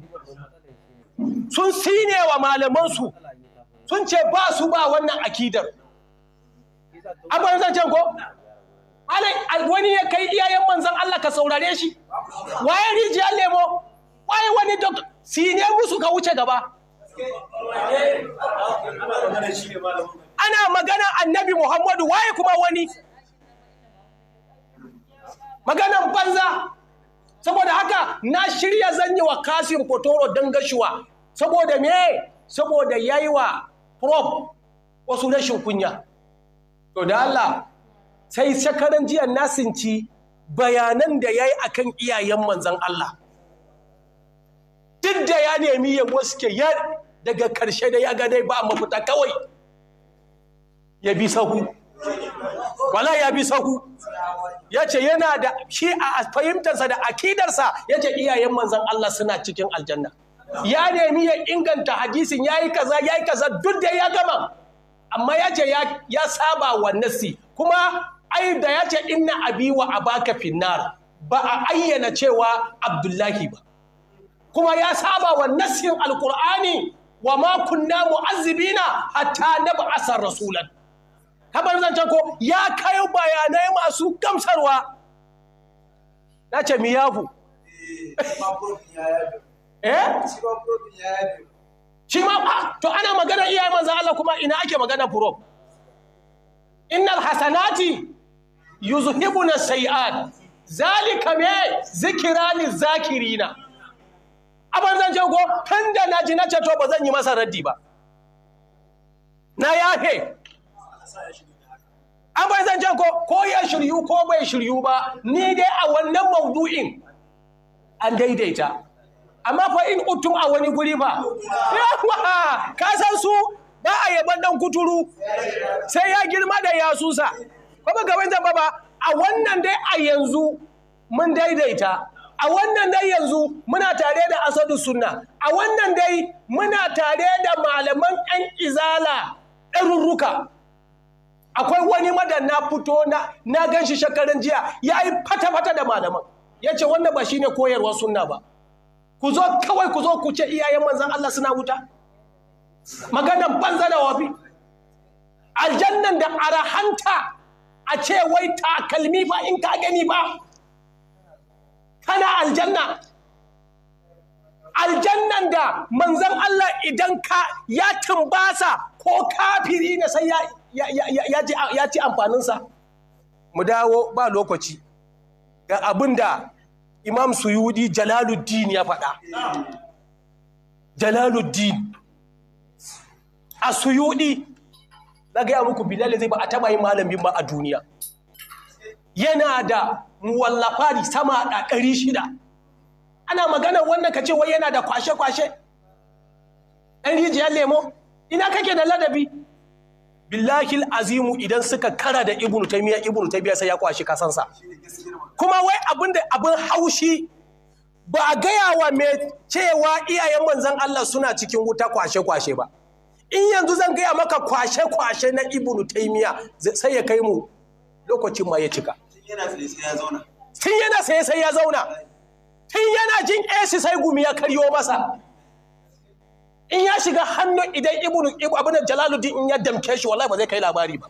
sun sine wa malamansu sun ce ba su ba wannan akidar abin ce ko wani ya kai iyayen manzan Allah ka saurare shi waye rijiyar lemo waye wani dok sine musu ka wuce gaba ana magana annabi muhammadu waye kuma wani maganan banza saboda haka na shirya zanyi wa kasim fotoro don gashuwa saboda me saboda yayi wa prop wasu rashin kunya to da Allah sai shakaran jiya nasinci bayanan da ya yi a kan iyayen manzan Allah duk da ya nemi ya waske ya daga ƙarshe da ya ga dai ba mafuta kawai ya bi sahu wala ya bi sahu ya ce yana da shi a fahimtarsa da akidarsa ya ce iyayen manzan Allah suna cikin aljanna ya nemi ya inganta hadisin ya yi kaza ya yi kaza duk da ya gama amma ya ce ya saba wa nasi kuma ai da ya ce inna abi wa abaka finnar ba a ayyana cewa abdullahi ba kuma ya saba wa nassin alkur'ani wa ma kunna mu'azzibina hatta nab'asa rasulan kamar zan ko ya kai bayanai masu gamsarwa na ce yafu <laughs> eh shi ma to ana magana iyaye manzo Allah kuma ina ake magana furof innal hasanati yuzhibuna sayyi'at zalika me zikira zakirina. abin zan ce ko tun da na ji na ce to ba zan yi masa raddi ba na yafe abin zan ce ko ko ya shiryu ko bai shiryu ba ni dai a wannan maudu'in an daidaita amma fa in utum a wani guri ba yawa ka san su ba a yaban dan kuturu sai ya girma da yasusa ba ba gaban zamba ba a wannan dai a yanzu mun daidaita a wannan dai yanzu muna tare da asadu sunna a wannan dai muna tare da malaman yan izala ɗarurruka akwai wani madan na fito na na gan shi shekaran jiya ya yi fata-fata da malaman ya ce wannan ba shine koyarwar sunna ba ku zo kawai ku zo ku ce iyayen manzan Allah suna wuta maganan banza da wafi aljannan da arahanta a ce wai takalmi ba in ka gani ba kana aljanna aljannan da manzan Allah idan ka ya tumbasa ko kafiri na sai ya ci amfaninsa mu dawo ba lokaci ga abin da imam suyudi jalaluddin ya faɗa jalaluddin a suyudi na gaya muku bilal zai ba a taba yin malamin ba a duniya yana da muwallafari sama da ɗari shida ana magana wannan ka ce wai yana da kwashe-kwashe ɗan rijiyar lemo ina kake da ladabi billahil azimu idan suka kara da ibnu taymiya ibnu taymiya sai ya kwashi kasansa kuma wai abin da abin haushi ba a gaya wa mai cewa iyayen manzon Allah suna cikin wuta kwashe-kwashe ba in yanzu zan gaya maka kwashe-kwashe na ibnu taimiya sai ya kai mu lokacin ma ya cika tun yana sai sai ya zauna tun yana jin esi sai gumi ya karyo masa in ya shiga hannu idan ibnu abin jalaluddin in ya damke shi wallahi ba zai kai labari ba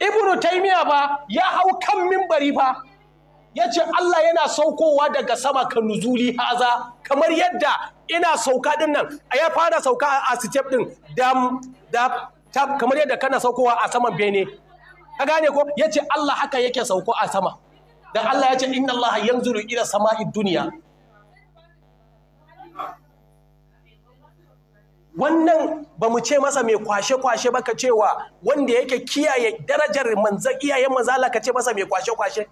ibnu taimiya ba ya hau kan mimbari ba ya ce Allah yana saukowa daga sama ka nuzuli haza kamar yadda ina sauka din nan ya fara sauka a step din dam dab tab kamar yadda kana saukowa a saman bene ka gane ko ya ce Allah haka yake sauko a sama dan Allah ya ce inna Allah yanzuru ila sama'i dunya wannan ba mu ce masa mai kwashe-kwashe ba ka cewa wanda yake kiyaye darajar manzan iyayen manzala ka ce masa mai kwashe-kwashe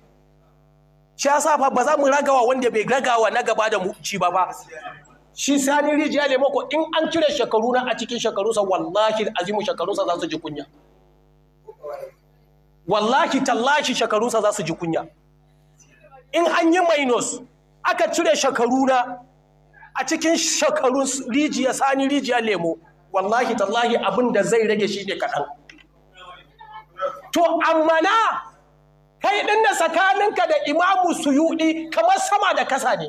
shi yasa fa ba za mu ragawa wanda bai ragawa na gaba da mu ci ba ba shi sani rijiya lemo ko in an cire shekaru na a cikin shekarunsa wallahi azimu shekarunsa za su ji kunya wallahi tallahi shekarunsa za su ji kunya in an yi minus aka cire shekaru na a cikin shekarun rijiya sani rijiya lemo wallahi tallahi abin da zai rage shi ne kaɗan to amma na kai din da tsakaninka da imamu suyudi kamar sama da kasa ne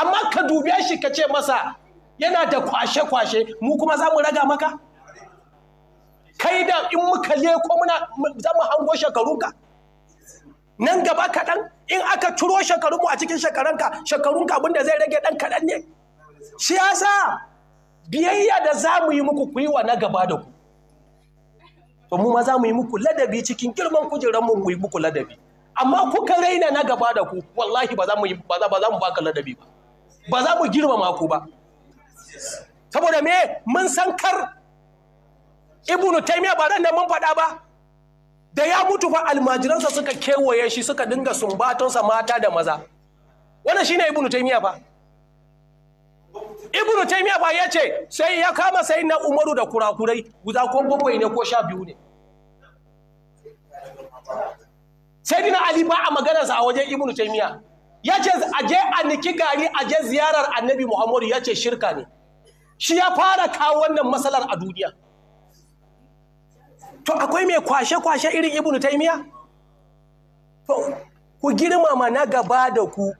amma ka dube shi ka ce masa yana da kwashe-kwashe mu kuma za mu raga maka kai da in muka ko muna za mu hango ka nan gaba kaɗan in aka turo shekarunmu a cikin shekarunka shekarunka abinda zai rage ɗan kaɗan ne shi yasa biyayya da za mu yi muku ku yi wa na gaba da ku to mu ma za mu yi muku ladabi cikin girman kujeran mu mu yi muku ladabi amma kuka raina na gaba da ku wallahi ba za mu ba za mu baka ladabi ba ba za mu girmama ku ba saboda me mun san kar ibnu taymiya ba ran da mun faɗa ba da ya mutu fa almajiransa suka kewaye shi suka dinga sumbatonsa mata da maza wannan shine ibnu taymiya fa ibnu taymiya ba ya ce sai ya kama sai na umaru da kurakurai guda ko bakwai ne ko sha biyu ne sai dina ali ba a maganarsa a wajen ibnu taymiya ya ce a je a niki gari a je ziyarar annabi muhammadu ya ce shirka ne shi ya fara kawo wannan matsalar a duniya to akwai mai kwashe-kwashe irin ibnu taymiya to ku girmama na gaba da ku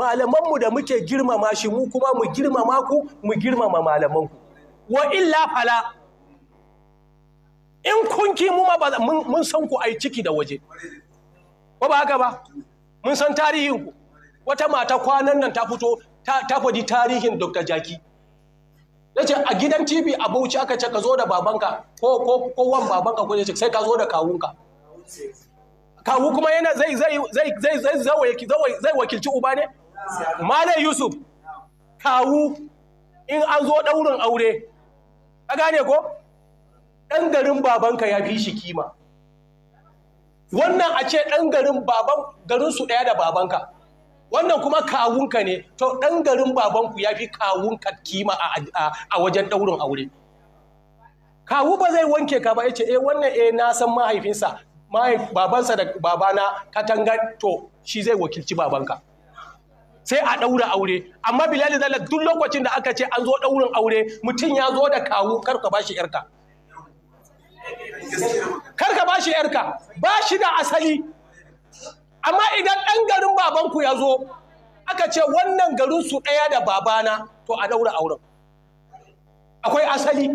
malamanmu da muke girmama shi mu kuma mu girmama ku mu girmama malamanku wa illa fala in kun ki mu mun san ku ai ciki da waje ba ba haka ba mun san tarihin ku wata mata kwanan nan ta fito ta faɗi tarihin Dr. Jaki nace ce a gidan TV a Bauchi aka ce ka zo da babanka ko ko ko wan babanka ko ce sai ka zo da kawunka kawu kuma yana zai zai zai zai zai zai wakilci uba ne Malam Yusuf, kawu in an zo ɗaurin aure, a gane ko? Ɗan garin babanka ya fi shi kima. Wannan a ce ɗan garin baban garinsu ɗaya da babanka, wannan kuma kawunka ne, to ɗan garin babanku ya fi kawunka kima a wajen ɗaurin aure. Kawu ba zai wanke ka ba ya eh wannan eh na san mahaifinsa, babansa da babana katanga to shi zai wakilci babanka. sai a ɗaura aure amma bilali zalla duk lokacin da aka ce an zo ɗaurin aure mutum ya zo da kawu kar ka shi yarka kar ka shi yarka ba shi da asali amma idan ɗan garin babanku ya zo aka ce wannan garin su ɗaya da babana to a ɗaura auren akwai asali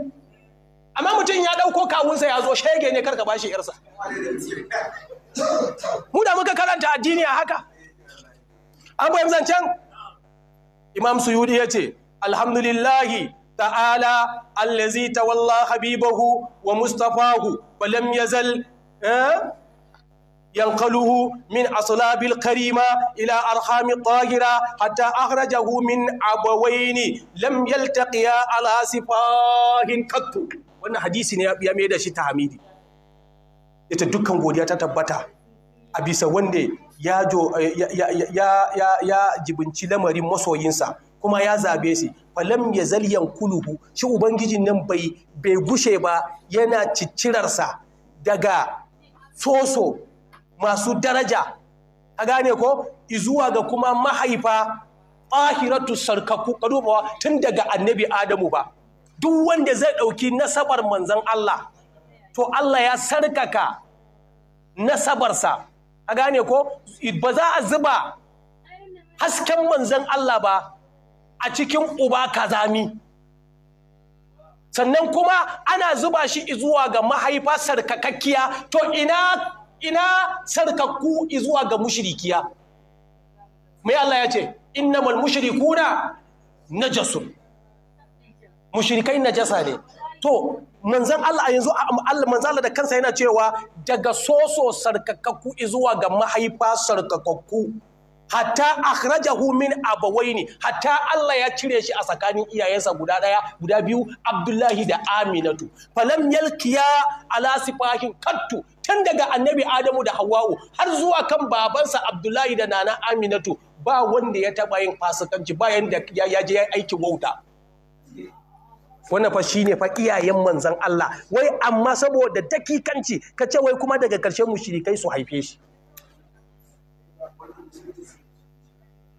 amma mutum ya ɗauko kawunsa ya zo shege ne kar ka shi yarsa mu da muka karanta addini a haka an bayan zancen imam suyudi ya ce alhamdulillahi ta'ala allazi tawalla habibahu wa mustafahu wa eh, yankaluhu min ينقله karima ila arhami إلى أرحام الطاهرة حتى أخرجه من عبوين لم يلتقيا على سفاه قط wannan hadisi ne ya mai da shi ta hamidi ita dukkan godiya ta tabbata a bisa wanda Eh, ya jibinci lamarin masoyinsa kuma ya zabe shi falam ya zaliyan kuluhu shi ubangijin nan bai bai gushe ba yana ciccirarsa daga soso masu daraja a gane ko izuwa ga kuma mahaifa ahiratu sarkaku kadubawa tun daga annabi adamu ba duk wanda zai ɗauki nasabar manzan Allah to Allah ya sarkaka nasabarsa a gane ko ba za a zuba hasken manzan Allah ba a cikin uba kazami sannan kuma ana zuba shi zuwa ga mahaifa sarkakakkiya to ina ina sarkakku zuwa ga mushrikiya mai Allah ya ce innamal mushrikuna najasun mushrikai najasa ne to manzan Allah yanzu Allah da kansa yana cewa daga soso sarkakakku zuwa ga mahaifa sarkakakku hatta humin min abawaini hatta Allah ya cire shi a tsakanin iyayensa guda ɗaya, guda biyu Abdullahi da Aminatu falam yalkiya ala sifahin kattu tun daga annabi Adamu da Hawwa'u har zuwa kan babansa Abdullahi da nana Aminatu ba wanda ya taɓa yin fasikanci bayan da ya je aikin wauta wannan fa shine fa iyayen manzan Allah wai amma saboda dakikanci ka ce wai kuma daga mu mushrikai su haife shi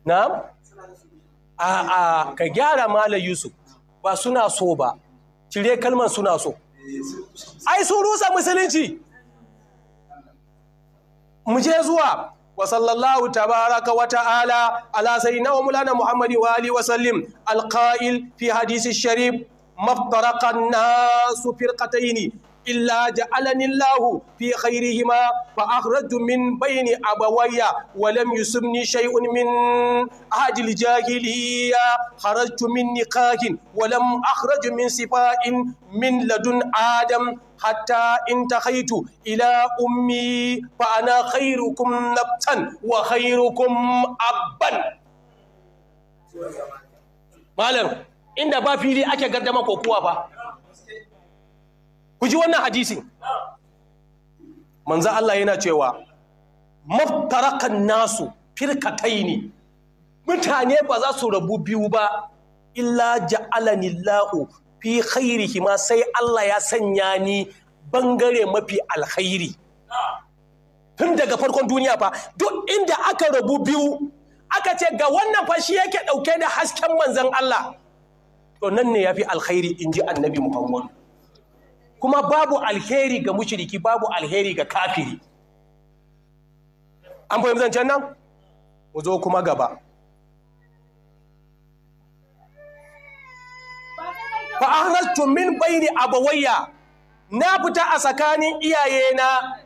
na'am a a ka gyara malam Yusuf ba suna so ba cire kalmar suna so ai sun rusa musulunci mu je zuwa wa sallallahu tabaraka wa ta'ala ala sayyidina wa mulana muhammadi wa alihi wa sallim fi hadisi sharif maftarakan nasu firqataini illa ja'alani fi khairihima fa akhrajtu min bayni abawayya wa lam yusibni shay'un min sifa'in min adam hatta intakhaitu ila ummi fa ana khairukum wa abban malam inda ba fili ake gardama kokuwa ba ku ji wannan hadisi manzo Allah yana cewa maftarakan nasu firkatai ne mutane ba za su rabu biyu ba illa ja'alani fi khairihi ma sai Allah ya sanya ni bangare mafi alkhairi tun daga farkon duniya fa duk inda aka rabu biyu aka ce ga wannan fa shi yake dauke da hasken manzon Allah to nan ne ya fi alkhairi in ji annabi muhammadu kuma babu alheri ga mushriki babu alheri ga kafiri an fahimci zancen nan mu zo kuma gaba fa akhrajtu min bayni abawayya na fita a tsakanin iyayena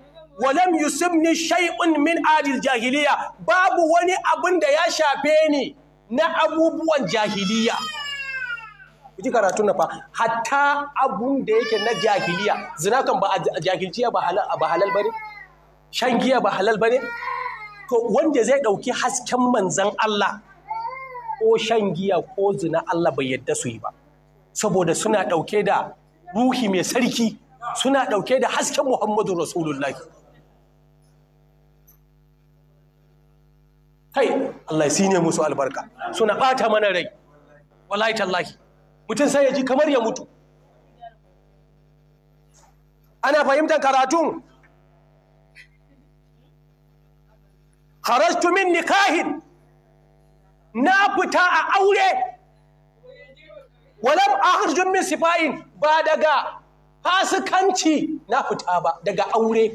walam yusibni shay'un min adil jahiliya babu wani abin da ya shafe ni na abubuwan jahiliya ji karatu na fa hatta abun da yake na jahiliya zina kan ba a jahilciya ba halal ba halal bane shan giya ba halal bane to wanda zai dauki hasken manzan Allah ko shan giya ko zina Allah bai yadda su yi ba saboda suna dauke da ruhi mai sarki suna dauke da hasken Muhammadu Rasulullahi kai Allah ya sine musu albarka suna bata mana rai wallahi tallahi mutum sai ya ji kamar ya mutu ana fahimtar karatun harastu min nikahin na fita a aure walam akhrijun min sifa'in ba daga fasikanci na fita ba daga aure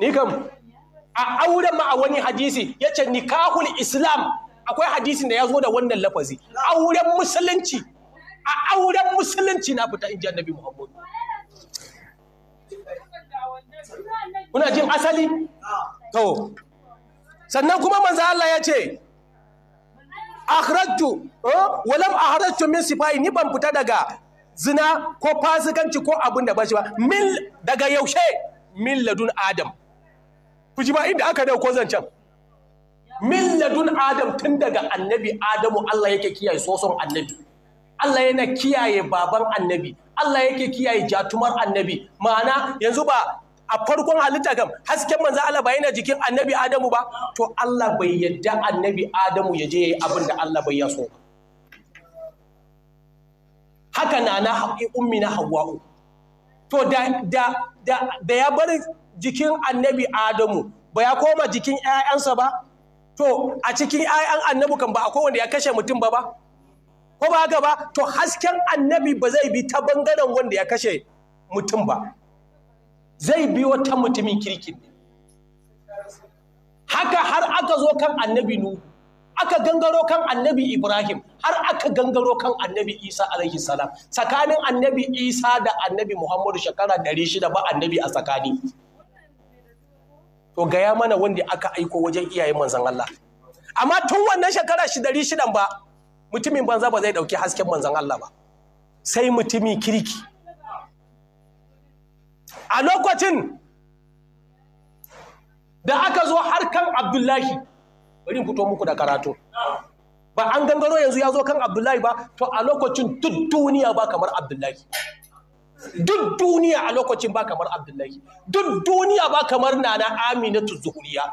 ni kam a auren ma a wani hadisi yace nikahul islam akwai hadisin da ya zo da wannan lafazi auren musulunci a auren musulunci na fita in ji annabi muhammad Kuna jin asali? To, sannan kuma manzo Allah ya ce, Akhrajtu, eh, walam akhrajtu min sifai ni ban fita daga zina ko fasikanci ko abin da ba shi ba, min daga yaushe min ladun Adam. Ku ji ba inda aka dauko zancen. milladun adam tun daga annabi adamu Allah yake kiyaye soson annabi Allah yana kiyaye baban annabi Allah yake kiyaye jatumar annabi ma'ana yanzu ba a farkon halitta kam hasken manzo Allah ba yana jikin annabi adamu ba to Allah bai yadda annabi adamu ya je yayi abin da Allah bai yaso haka na na haƙi ummi na hawa'u to da ya bar jikin annabi adamu ba ya koma jikin 'ya'yansa ba to a cikin 'ya'yan annabi kan ba akwai wanda ya kashe mutum ba ba ko ba haka to hasken annabi ba zai bi ta bangaren wanda ya kashe mutum ba zai bi wata mutumin kirkin haka har aka zo kan annabi nu aka gangaro kan annabi ibrahim har aka gangaro kan annabi isa alaihi salam tsakanin annabi isa da annabi muhammadu shekara shida ba annabi a tsakani to gaya mana wanda aka aiko wajen iyayen manzan Allah amma tun wannan shekara shidari shidan ba mutumin banza ba zai dauki hasken manzan Allah ba sai mutumi kirki a lokacin da aka zo harkan abdullahi bari fito muku da karatu ba an gangaro yanzu ya zo kan abdullahi ba to a lokacin duk duniya ba kamar abdullahi duk duniya a lokacin ba kamar abdullahi duk duniya ba kamar nana aminatu zuhuriya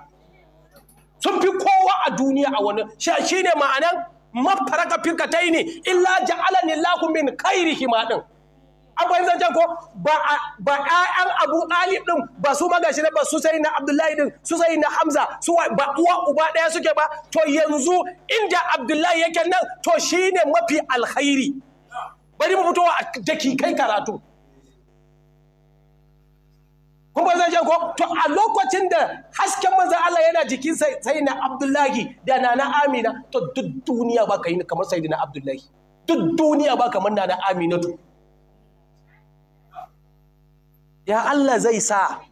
sun fi kowa a duniya a wani shi ne ma'anan mafaraka katai ne illa ja'alani lahu min khairihi ma din akwai zancen ko ba ƴaƴan abu ɗalib ɗin ba su magashi ba su sai na abdullahi ɗin su sai na hamza su ba uwa uba ɗaya suke ba to yanzu inda abdullahi yake nan to shine mafi alkhairi bari mu fito a kai karatu kun ba zan ko to a lokacin da hasken manzan Allah yana jikin sai na Abdullahi da nana Amina to duk duniya ba ka yi kamar na Abdullahi duk duniya ba kamar nana to. ya Allah zai sa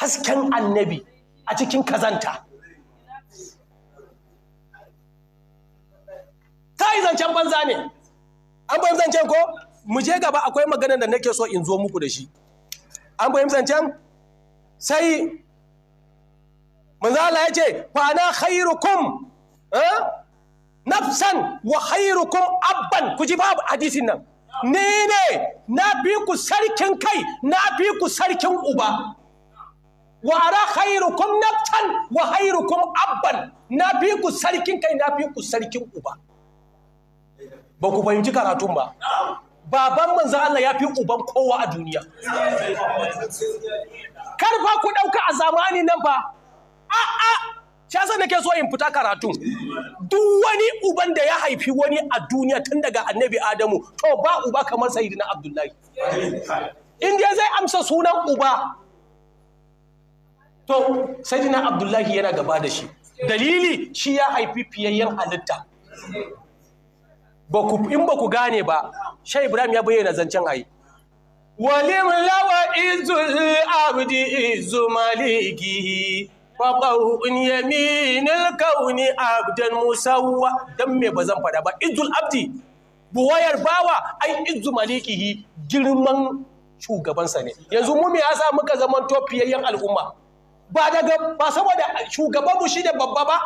hasken annabi a cikin kazanta yi zancen banza ne an ban zancen ko mu je gaba akwai maganar da nake so in zo muku da shi an fahimci zancen sai manzala ya ce kwana khairukum eh? nafsan wa khairukum abban ku ji babu hadisin nan ni ne na bi ku sarkin kai na bi ku sarkin uba wa ara khairukum nafsan wa khairukum abban na bi ku sarkin kai na bi ku sarkin uba ba ku fahimci karatun ba baban manzo Allah ya fi uban kowa a duniya kar fa ku ɗauka a zamani nan fa a a shi yasa nake so in fita karatu duk wani uban da ya haifi wani a duniya tun daga annabi Adamu to ba uba kamar sayyidina Abdullahi in dai zai amsa sunan uba to sayyidina Abdullahi yana gaba da shi dalili shi ya haifi fiyayyen halitta in ba ku gane ba shai ibrahim ya bayyana zancen ayi walim lawa izul abdi izu maligihi faɓa'un yaminil kauni abdan musawwa don me ba zan faɗa ba izul abdi buwayar bawa ai izu malikihi girman shugabansa ne yanzu mu me yasa muka zaman tofiyayyen al'umma ba daga ba saboda mu shi da babba ba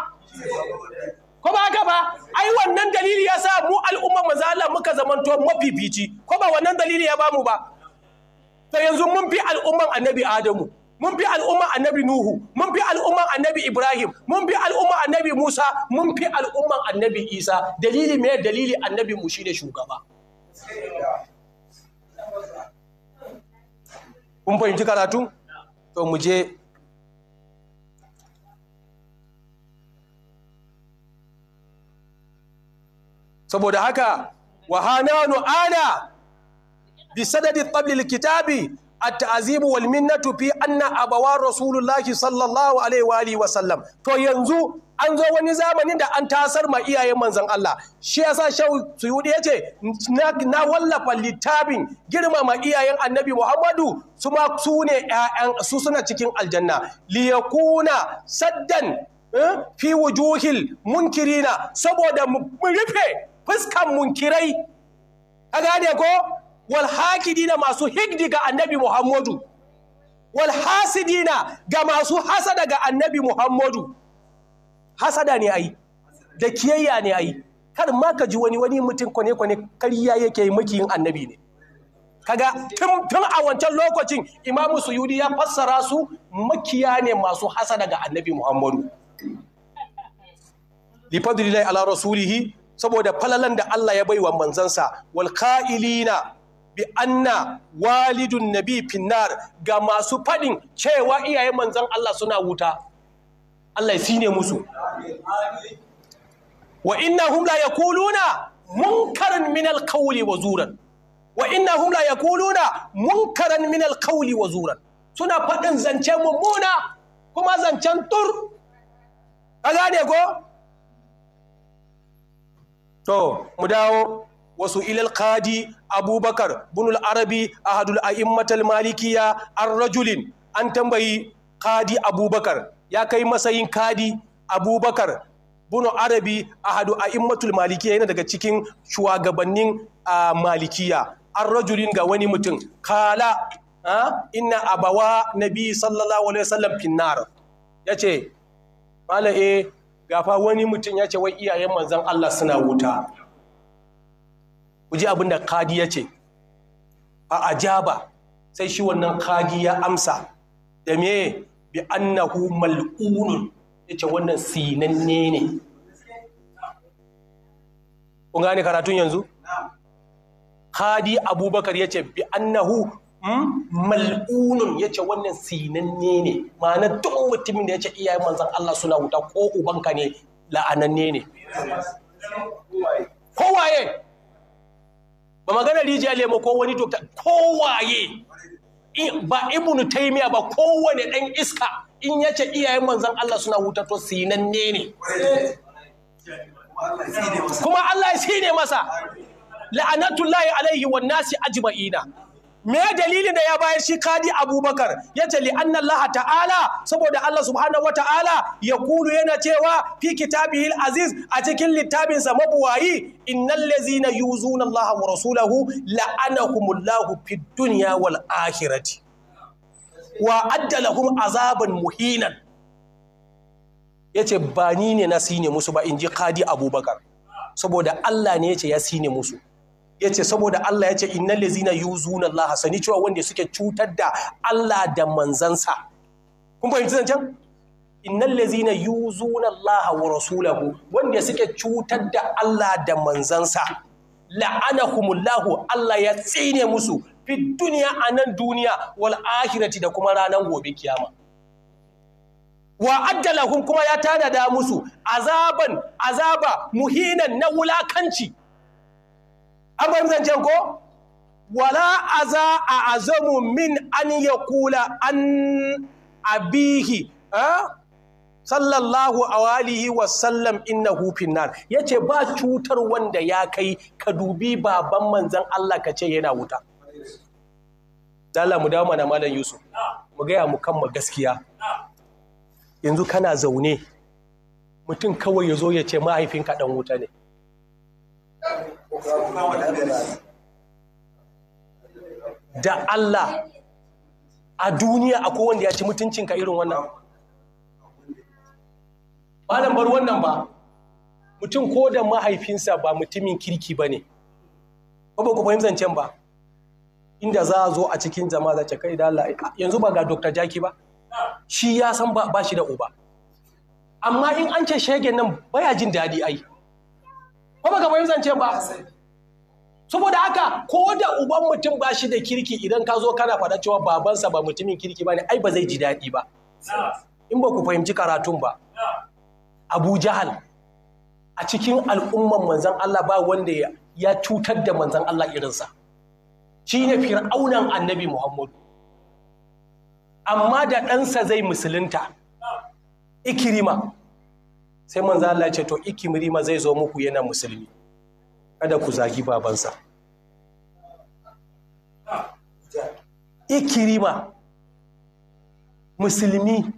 ko ba haka ba ai wannan dalili ya sa mu al'umma manzo Allah muka zamanto mafifici ko ba wannan dalili ya bamu ba to yanzu mun fi al'umman annabi Adamu mun fi al'umman annabi Nuhu mun fi al'umman annabi Ibrahim mun fi al'umman annabi Musa mun fi al'umman annabi Isa dalili me dalili annabi mu shine shugaba kun fahimci karatu to mu je saboda haka wahana nu'ada, ana bi sadadi tablil kitabi at-ta'zib wal minnatu fi anna abawa rasulullahi sallallahu alaihi wa alihi sallam to yanzu an zo wani zamanin da an tasar ma iyayen manzan Allah shi yasa shau suyudi yace na wallafa littafin girmama iyayen annabi Muhammadu su ma su ne ƴaƴan su suna cikin aljanna liyakuna saddan eh, fi wujuhil munkirina saboda mu rufe fuskan munkirai ka gane ko wal hakidina masu higdi ga annabi Muhammadu wal hasidina ga masu hasada ga annabi Muhammadu hasada ne ai da kiyayya ne ai kar ma ka ji wani wani mutum kwane kwane kariya yake yi makiyin annabi ne kaga tun a wancan lokacin imamu suyudi ya fassara su makiya ne masu hasada ga annabi Muhammadu lifadlillahi ala rasulihi saboda falalan da Allah ya baiwa manzansa wal qa'ilina bi anna walidun nabi finnar ga masu fadin cewa iyayen manzan Allah suna wuta Allah ya sine musu wa innahum la yaquluna munkaran min qawli wa zuran wa innahum la yaquluna munkaran min qawli wa zuran suna fadin zance mummuna kuma zancen tur ka gane ko to mu dawo wasu ilal qadi abubakar bunul arabi ahadul a'immatal malikiya an rajulin an tambayi qadi abubakar ya kai masayin kadi abubakar bunu arabi ahadu a'immatul malikiya yana daga cikin shugabannin malikiya an rajulin ga wani mutum kala inna abawa nabi sallallahu alaihi wasallam finnar yace mala eh gafa wani mutum ya ce wai iyayen manzan Allah suna wuta ku je abin da kadi ya ce a ajaba sai shi wannan kadi ya amsa da me bi annahu mal'unun ya ce wannan sinanne ne kun gane karatun yanzu kadi abubakar ya ce bi annahu Hmm? mal'unun ya ce wannan sinanne ne ma'ana duk mutumin da ya ce iyayen manzan Allah suna wuta ko ubanka ne la'ananne ne kowaye ba magana rijiya lemo ko wani dokta kowaye ba ibnu taimiya ba kowane dan iska in ya ce iyayen manzan Allah suna wuta to sinanne ne kuma Allah ya sine masa la'anatullahi alaihi wan nasi ajma'ina me dalilin da ya bayar shi kadi abubakar ya ce li anna allah ta'ala saboda allah subhanahu wa ta'ala ya kulu yana cewa fi kitabihil aziz a cikin littafinsa mabuwayi innal ladzina yuzuna allah wa rasulahu la'anahumullahu fid dunya wal akhirati wa addalahum azaban muhinan yace ba ni ne na sine musu ba in ji kadi abubakar saboda allah ne yace ya sine musu ya ce saboda Allah ya ce innal ladzina yuzuna Allah sani cewa wanda suke cutar da Allah da manzansa kun fahimci zancen innal ladzina yuzuna Allah wa rasulahu wanda suke cutar da Allah da manzansa la'anahumullahu Allah ya tsine musu fi duniya a duniya wal akhirati da kuma ranar gobe kiyama wa addalahum kuma ya tanada musu azaban azaba muhinan na wulakanci an fahimci zancen ko wala aza a azamu min an ya kula an abihi sallallahu awalihi wasallam inna hufin nan ya ce ba cutar wanda ya kai ka dubi baban manzan Allah ka ce yana wuta Allah mu dawo mana malam Yusuf mu gaya mu kan gaskiya yanzu kana zaune mutum kawai ya zo ya ce mahaifinka ɗan wuta ne da Allah a duniya a wanda ya ci mutuncinka irin wannan Ba da bar wannan ba mutum ko da mahaifinsa ba mutumin kirki ba ne ba ku fahimtar can ba inda za a zo a cikin jama'a za ta kai da Allah yanzu ba ga Dr. Jaki ba shi ya san ba shi da uba amma in an ce shagen nan baya jin daɗi ai ko baka ce ba saboda haka ko da uban mutum ba shi da kirki idan ka zo kana faɗa cewa babansa ba mutumin kirki ba ne ai ba zai ji daɗi ba in ba ku fahimci karatun ba abu jahal a cikin al'umman manzan Allah ba wanda ya cutar da manzan Allah irinsa shi ne fir'aunan annabi Muhammadu amma da ɗansa zai musulunta ikirima sai manzo Allah ya ce to ikimri ma zai zo muku yana musulmi kada ku zagi babansa ikirima musulmi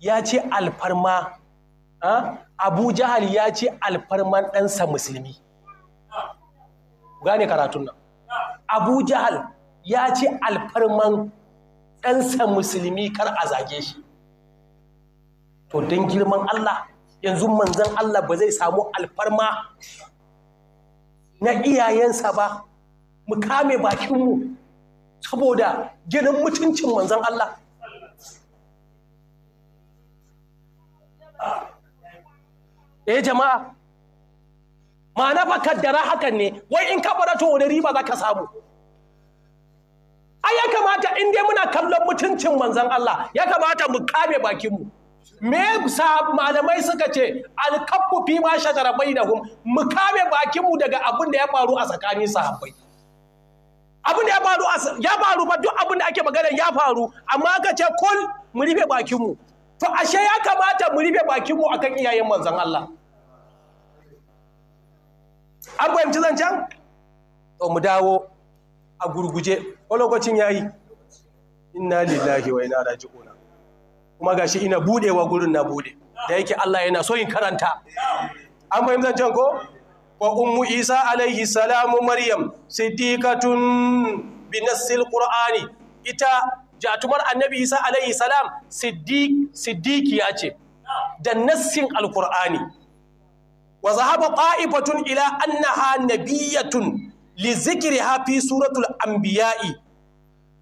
ya ce alfarma abu jahal ya ce alfarman ɗansa musulmi gane karatun nan abu jahal ya ce alfarman ɗansa musulmi kar a zage shi to don girman allah yanzu manzan Allah ba zai samu alfarma na iyayensa ba mu kame bakinmu saboda ginin mutuncin manzan Allah eh jama'a ma'ana fakar kaddara hakan ne wai in ka barato da riba za ka samu ai ya kamata in dai muna kallon mutuncin manzan Allah ya kamata mu kame bakinmu me sa malamai suka ce alkaffu fi ma shajara bainahum mu kame bakin mu daga abin da ya faru a tsakanin sahabbai abin da ya faru ya faru ba duk abin da ake magana ya faru amma ka ce kul mu rufe bakin mu to ashe ya kamata mu rufe bakin mu akan iyayen manzon Allah an fahimci zancen to mu dawo a gurguje ko lokacin yayi inna lillahi wa inna raji'un kuma gashi ina budewa gurin na bude da yake Allah yana so in karanta an fahimta can ko wa ummu isa alaihi salamu maryam siddiqatun bi qur'ani ita jatumar annabi isa alaihi salam siddiq ya ce da nasin alqur'ani wa zahaba qa'ibatun ila annaha nabiyyatun li zikriha fi suratul anbiya'i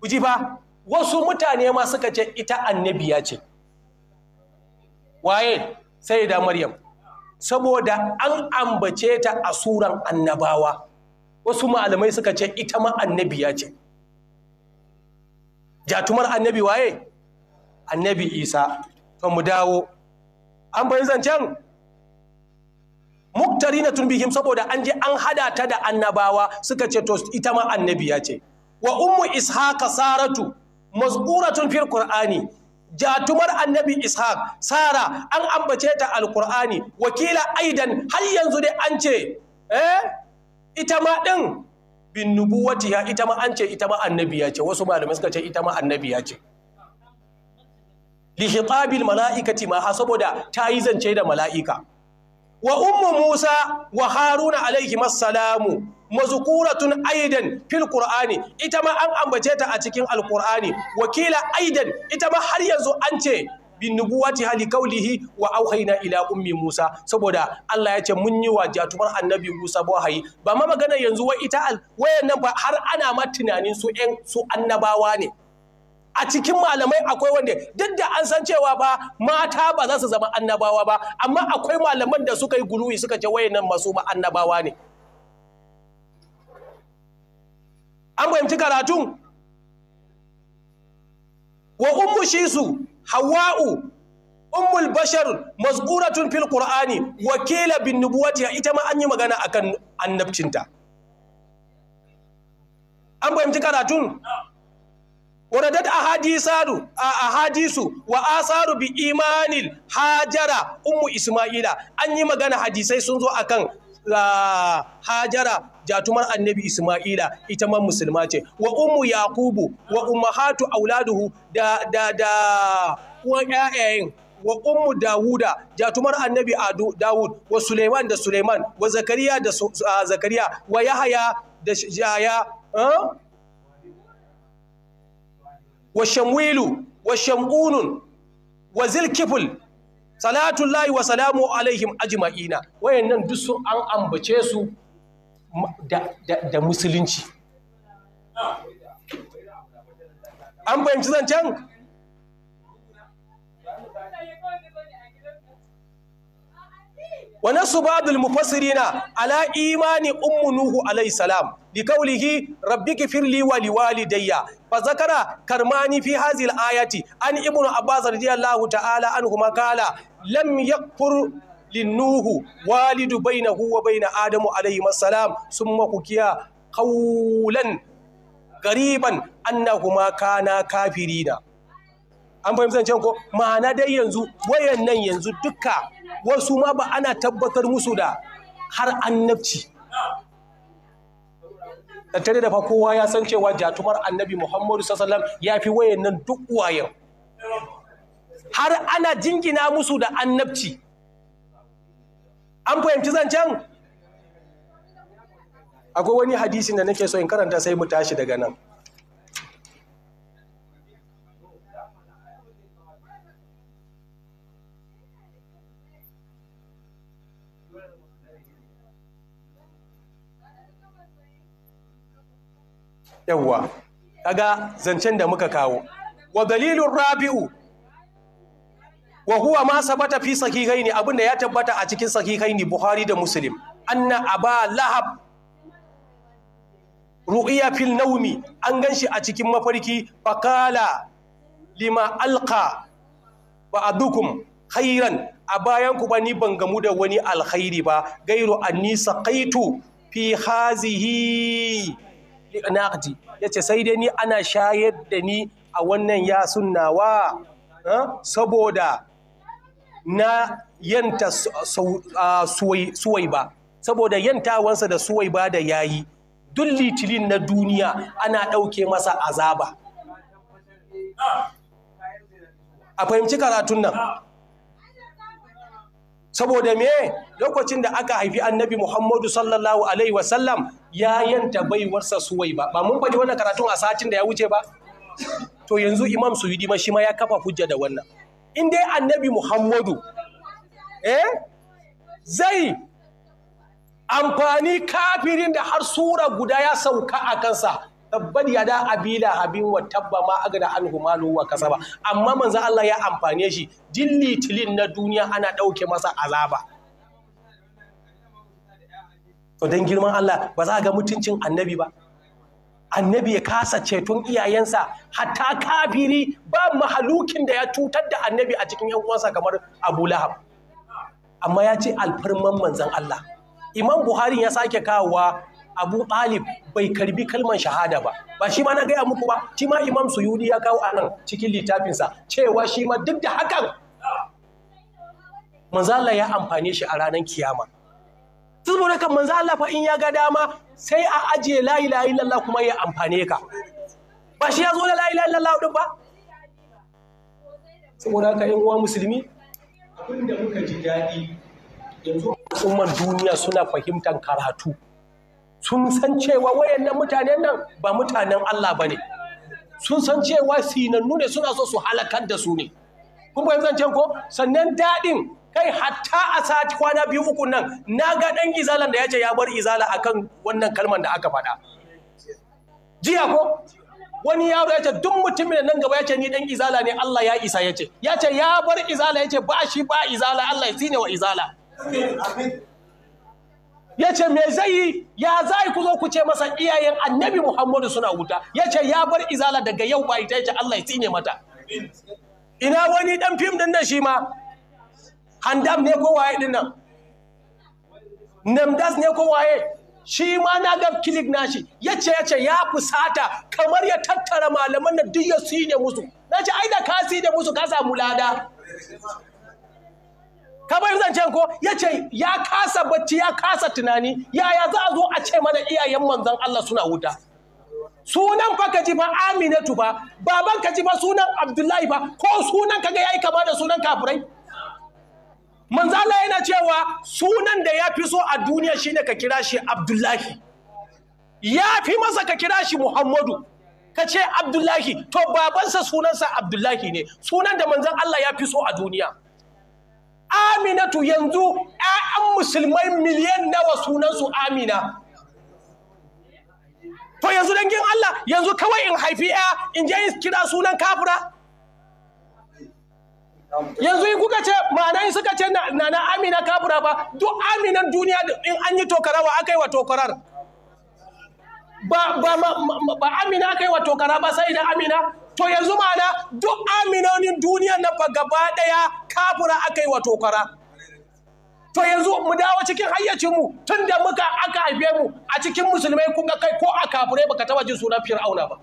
kuji fa wasu mutane ma suka ce ita annabiya ce waye sai da maryam saboda an ambace ta a suran annabawa wasu malamai suka ce ita ma annabiya ce jatumar annabi waye annabi isa to mu dawo an bayin zancen muktari na tunbihim saboda an je an hada ta da annabawa suka ce to ita ma annabiya ce wa ummu ishaqa saratu mazkuratun fil qur'ani jatumar annabi ishaq sara an ambace ta alqur'ani wakila aidan har yanzu dai an ce eh ita ma din bin nubuwatiha ita ma an ce ita ma annabi ya ce wasu malamai suka ce ita ma annabi ya ce li hitabil mala'ikati ma saboda ta yi zance da mala'ika wa ummu musa wa haruna alayhi massalamu mazkuratun aidan fil qur'ani ita ma an ambace ta a cikin alqur'ani wakila aidan ita ma har yanzu an ce bin nubuwati hali kaulihi wa na ila ummi Musa saboda Allah ya ce mun yi wa jatumar annabi Musa hayi ba ma magana yanzu wa ita al wayannan ba har ana ma tunanin su ƴan su annabawa ne a cikin malamai akwai wanda duk da an san cewa ba mata ba za su zama annabawa ba amma akwai malaman da suka yi guluwi suka ce nan masu ma annabawa ne an fahimci karatun wa ummu shisu hawa'u ummul bashar mazkuratun fil qur'ani wakila bin nubuwati ita ma an yi magana akan annabcinta an fahimci karatun waradat a hadisu wa asaru bi imanil hajara umu isma'ila an yi magana hadisai sun zo akan hajara jatumar annabi isma'ila ita man musulma ce wa ummu Yakubu, wa ummahatu auladuhu da da da uwan ƴaƴayen wa ummu dawuda jatumar annabi adu dawud wa suleiman da suleiman wa zakariya da zakariya wa yahaya da yahaya wa shamwilu wa shamunun wa zilkiful layi, wa salamu alaihim ajma'ina wayannan duk sun an ambace su da, musulunci an fahimci zancen wa nasu badul mufassirina ala imani ummu nuhu alayhi salam li qawlihi rabbiki firli wa liwalidayya fa zakara karmani fi hadhihi ayati an ibnu abbas radiyallahu ta'ala anhuma qala lam yakfur linnuhu walidu bainahu wa bain adamu alayhi salam summa kukiya qawlan gariban annahuma kana kafirina an fahimci can ko ma'ana dai yanzu wayan nan yanzu duka wasu ma ba ana tabbatar musu da har annabci tattare da kowa ya san cewa jatumar annabi muhammadu sassalam ya fi wayan nan duk wayan har ana jingina musu da annabci an fahimci zancen akwai wani hadisi da nake so in karanta sai mu tashi daga nan yawwa kaga zancen da muka kawo wa dalilun rabi'u wa huwa ma sabata fi sahihaini abinda ya tabbata a cikin sahihaini buhari da muslim anna aba lahab ru'iya fil naumi an ganshi a cikin mafarki faqala lima alqa ba'dukum khairan a bayan ku bani ban gamu da wani alkhairi ba gairu anni qaitu fi hazihi naqdi yace sai dai ni ana shayar da ni a wannan ya nawa saboda na yanta suwai ba saboda yantawansa da suwai ba da yayi duk litilin na duniya ana ɗauke masa azaba a fahimci karatun nan saboda me lokacin da aka haifi annabi muhammadu sallallahu alaihi wasallam ya yanta baiwarsa suwai ba ba mun faɗi wannan karatun a satin da ya wuce ba to yanzu imam suyudi ma shi ma ya kafa hujja da wannan in dai annabi muhammadu eh zai amfani kafirin da har sura guda ya sauka a kansa ya yada abila habin wa tabba ma agada an malu wa kasaba amma manzo Allah ya amfane shi tilin na duniya ana dauke masa azaba don girman Allah ba za a ga mutuncin annabi ba annabi ya kasa ceton iyayensa hatta kafiri ba mahalukin da ya cutar da annabi a cikin yan uwansa kamar Abu Lahab amma ya ce alfarman manzon Allah Imam Buhari ya sake kawowa Abu Talib bai karbi kalman shahada ba ba shi ma na gaya muku ba shi ma Imam Suyudi ya kawo anan cikin littafinsa cewa shi ma duk da hakan manzo ya amfane shi a ranar kiyama saboda kan manzo Allah fa in ya ga dama sai a aje la ilaha illallah kuma ya amfane ka ba shi ya zo da la ilaha illallah din ba saboda ka yan uwa musulmi abinda muka ji daɗi yanzu al'umman duniya suna fahimtar karatu sun san cewa wayannan mutanen nan ba mutanen Allah ba ne sun san cewa sinannu ne suna so su halakar da su ne kun fahimtar can ko sannan daɗin kai hatta a sati kwana biyu uku nan na ga ɗan izalan da ya ce ya bar izala akan wannan kalman da aka faɗa jiya ko wani yaro ya ce duk mutumin da nan gaba ya ce ni ɗan izala ne Allah ya isa ya ce ya ce ya bar izala ya ce ba shi ba izala Allah ya tsine wa izala ya ce me zai yi ya zai ku zo ku ce masa iyayen annabi muhammadu suna wuta ya ce ya bar izala daga yau ba ita ya ce Allah ya tsine mata ina wani dan fim ɗin nan shi ma dam ne ko waye din nan namdas ne ko waye shi ma na ga kilik nashi ya yace ya ya fusata kamar ya tattara malaman da duk ya sine musu na ce ai da ka da musu ka samu lada kamar zancen ko ya ya kasa bacci ya kasa tunani yaya za a zo a ce mana iyayen manzon Allah suna wuta sunan fa kaji fa aminatu fa baban kaji fa sunan abdullahi ba ko sunan kaga yayi kama da sunan kafirai manzala yana cewa sunan da ya fi so a duniya shine ka kira shi abdullahi ya fi masa ka kira shi muhammadu ka ce abdullahi to babansa sunansa abdullahi ne sunan da manzan allah ya fi so a duniya aminatu yanzu 'ya'yan musulmai miliyan nawa sunansu amina to yanzu dangin allah yanzu kawai in haifi 'ya in je kira sunan kafira yanzu in kuka ce ma'ana in suka ce na na amina kafura ba duk aminan duniya in an yi tokara wa aka yi wa tokarar ba ba ba amina aka yi wa tokara ba sai da amina to yanzu ma'ana duk aminonin duniya na fa gaba daya kafura aka yi wa tokara to yanzu mu dawo cikin hayyacinmu tun da muka aka haife mu a cikin musulmai kun ga kai ko a kafurai baka taba jin sunan fir'auna ba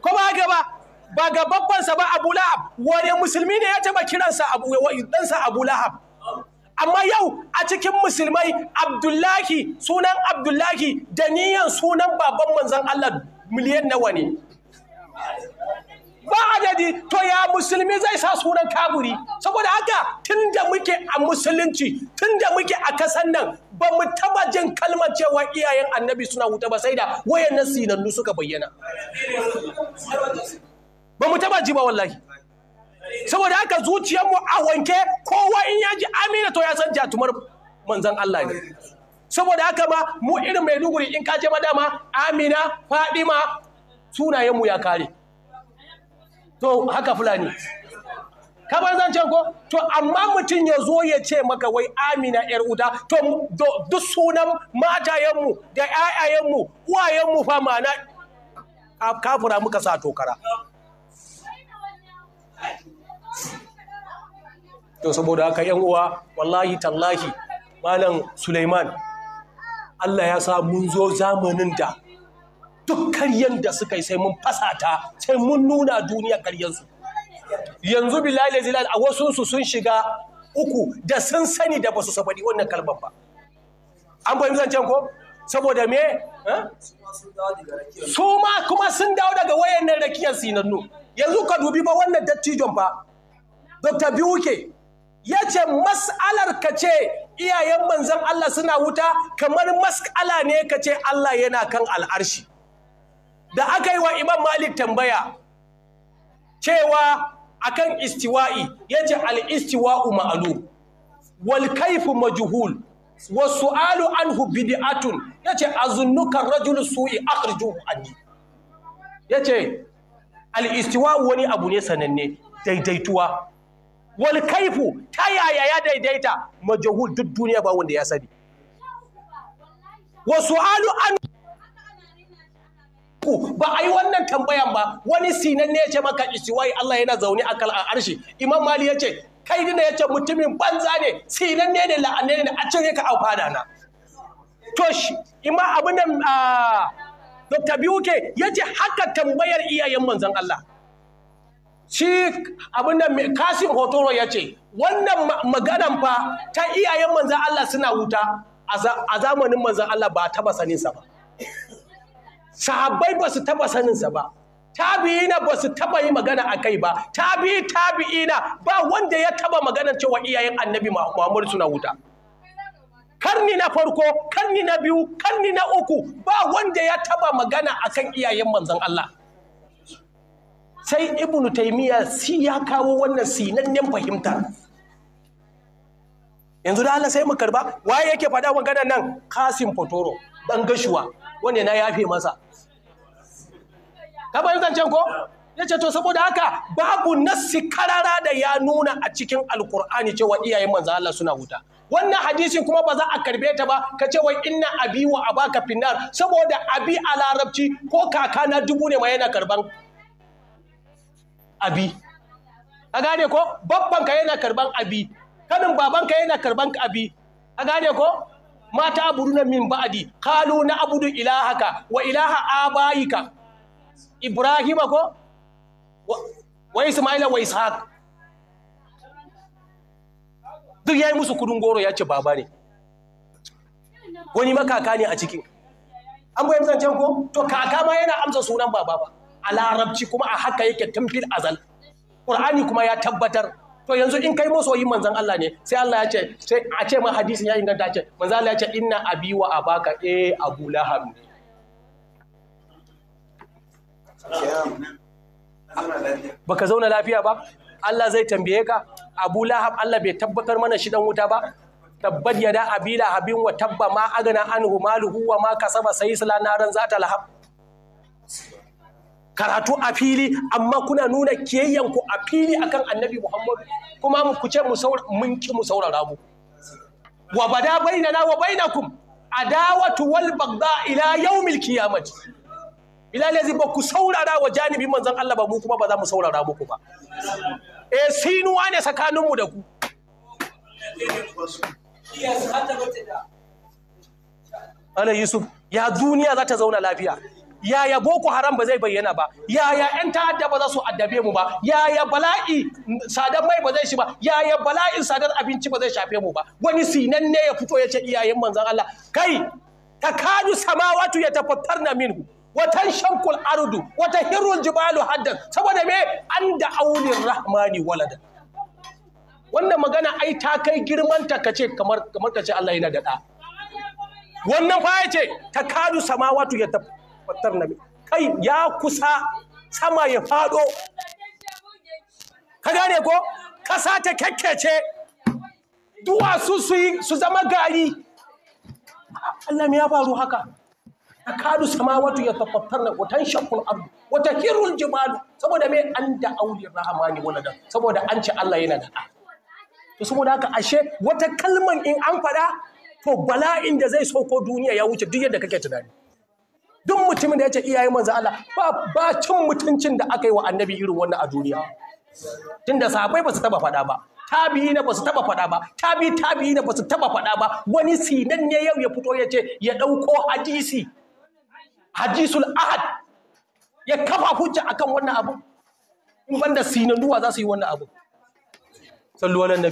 ko ba haka ba ba ga babbansa ba Abu Lahab wani musulmi ne ya taba kiransa Abu dansa Abu Lahab amma yau a cikin musulmai Abdullahi sunan Abdullahi da niyan sunan baban manzon Allah miliyan nawa ne ba adadi to ya musulmi zai sa sunan kaburi saboda haka tunda muke a musulunci tunda muke a kasan nan ba mu taba jin kalmar cewa iyayen annabi suna wuta ba sai da wayannan sinannu suka bayyana ba mu taba ji ba wallahi saboda haka zuciyarmu a wanke kowa in ya ji amina to ya san jatumar manzan Allah ne saboda haka ma mu irin mai duguri in kaje madama amina fadima sunayenmu ya kare to haka fulani ka kamar zan ce ko to amma mutum ya zo ya ce maka wai amina yar uda to duk sunan matayenmu da 'ya'yayenmu uwayenmu fa na kafura muka sa tokara to saboda haka yan uwa wallahi tallahi malam Suleiman Allah ya sa mun zo zamanin da duk karyan da suka yi sai mun fasata sai mun nuna duniya karyansu yanzu bilal zilal a wasu su sun shiga uku da sun sani da basu sabani wannan kalmar ba an fahimci can ko saboda me su ma kuma sun dawo daga wayannan rakiyar sinannu yanzu ka dubi ba wannan dattijon ba Dr. Biuke ya ce mas'alar ka ce iyayen manzan Allah suna wuta kamar mas'ala ne ka ce Allah yana kan al'arshi da aka yi wa imam malik tambaya cewa akan istiwa'i ya ce al'istiwa'u ma'alu wal kaifu majuhul wasu alu anhu bid'atun ya ce azunnukan rajul su'i akhrijuhu anni ya ce al'istiwa'u wani abu ne sananne daidaituwa wal kaifu ta yaya ya daidaita majahul duk duniya ba wanda ya sani wa su'alu an ba a yi wannan tambayan ba wani sinan ne ya ce maka isiwai Allah yana zaune a kal arshi imam mali ya ce kai dina ya ce mutumin banza ne sinan ne da la'anne ne a cire ka fada na to shi imam abin nan ah, dr biuke ya ce haka tambayar iyayen manzon Allah shi abin da kasim hotoro ya ce wannan maganan fa ta iyayen manzan Allah suna wuta a zamanin manzan Allah ba taba saninsa ba sahabbai ba su taba saninsa ba tabi'ina ba su taba yi magana a kai ba tabi'i tabi'ina ba wanda ya taba magana cewa iyayen annabi muhammadu suna wuta karni na farko karni na biyu karni na uku ba wanda ya taba magana akan iyayen manzan Allah sai ibnu taimiyya si ya kawo wannan sinannen fahimta yanzu da Allah sai mu karba waye yake faɗa maganar nan kasim fotoro dan gashuwa wanda na yafe masa ka bayyana zancen ko yace to saboda haka babu nassi karara da ya nuna a cikin alkur'ani cewa iyayen manzo Allah suna huta wannan hadisin kuma ba za a karbe ta ba ka ce wai inna abi wa abaka finnar saboda abi a larabci ko kaka na dubu ne ma yana karban abi ka gane ko babbanka yana karban abi kanin babanka yana karban abi ka gane ko mata na min ba'di qalu na abudu ilahaka wa ilaha abaika ibrahima ko wa isma'ila wa ishaq duk yayi musu kudin goro ya ce baba ne wani makaka ne a cikin an goyi zancen ko to kaka ma yana amsa sunan baba ba a larabci kuma a haka yake tun azal qur'ani kuma ya tabbatar to yanzu in kai masoyin manzan Allah ne sai Allah ya ce sai a ce ma hadisin ya inganta ce manzon Allah ya ce inna abi wa abaka eh abu lahab baka zauna lafiya ba Allah zai tambaye ka abu lahab Allah bai tabbatar mana shi dan wuta ba tabbat yada abila habin wa tabba ma agana anhu maluhu wa ma kasaba sayisla naran zata lahab karatu a fili amma kuna nuna kiyayyanku a fili akan annabi Muhammadu kuma mu kuce mu saura mun ki mu saurara mu wa bada bainana wa bainakum adawatu wal bagda ila yawmil qiyamah ila lazi ba ku saurara wa janibin manzon Allah ba mu kuma ba za mu saurara muku ba E sinuwa ne tsakaninmu da ku ana Yusuf, ya duniya za ta zauna lafiya. yaya boko haram ba zai bayyana ba yaya yan ta'adda ba za su addabe mu ba yaya bala'i sadar mai ba zai shi ba yaya bala'in sadar abinci ba zai shafe mu ba wani sinan ne ya fito ya ce iyayen manzon Allah kai takadu samawatu na minhu watan shankul ardu wata hirul jibalu haddan saboda me an da aulin rahmani walada wannan magana ai ta kai girman ta kace kamar kamar kace Allah yana da da wannan fa yace takadu samawatu kwatar na kai ya kusa sama ya fado ka gane ko ƙasa ta kyakkyace duwatsu su yi su zama gari Allah ya faru haka sama ya samawatu na wata shakul abu wata takirul jibalu saboda me an da aulir rahmani walada saboda an ce Allah yana da to saboda haka ashe wata kalman in an fada to bala'in da zai sauko duniya ya wuce duk yadda kake tunani duk mutumin da ya ce iyayen manzo Allah ba ba cin mutuncin da aka yi wa annabi irin wannan a duniya tunda sahabbai ba su taba faɗa ba tabi'i na ba su taba faɗa ba tabi tabi'i na ba su taba faɗa ba wani sinan ne yau ya fito ya ce ya dauko hadisi hadisul ahad ya kafa hujja akan wannan abu in banda sinan duwa za su yi wannan abu sallu ala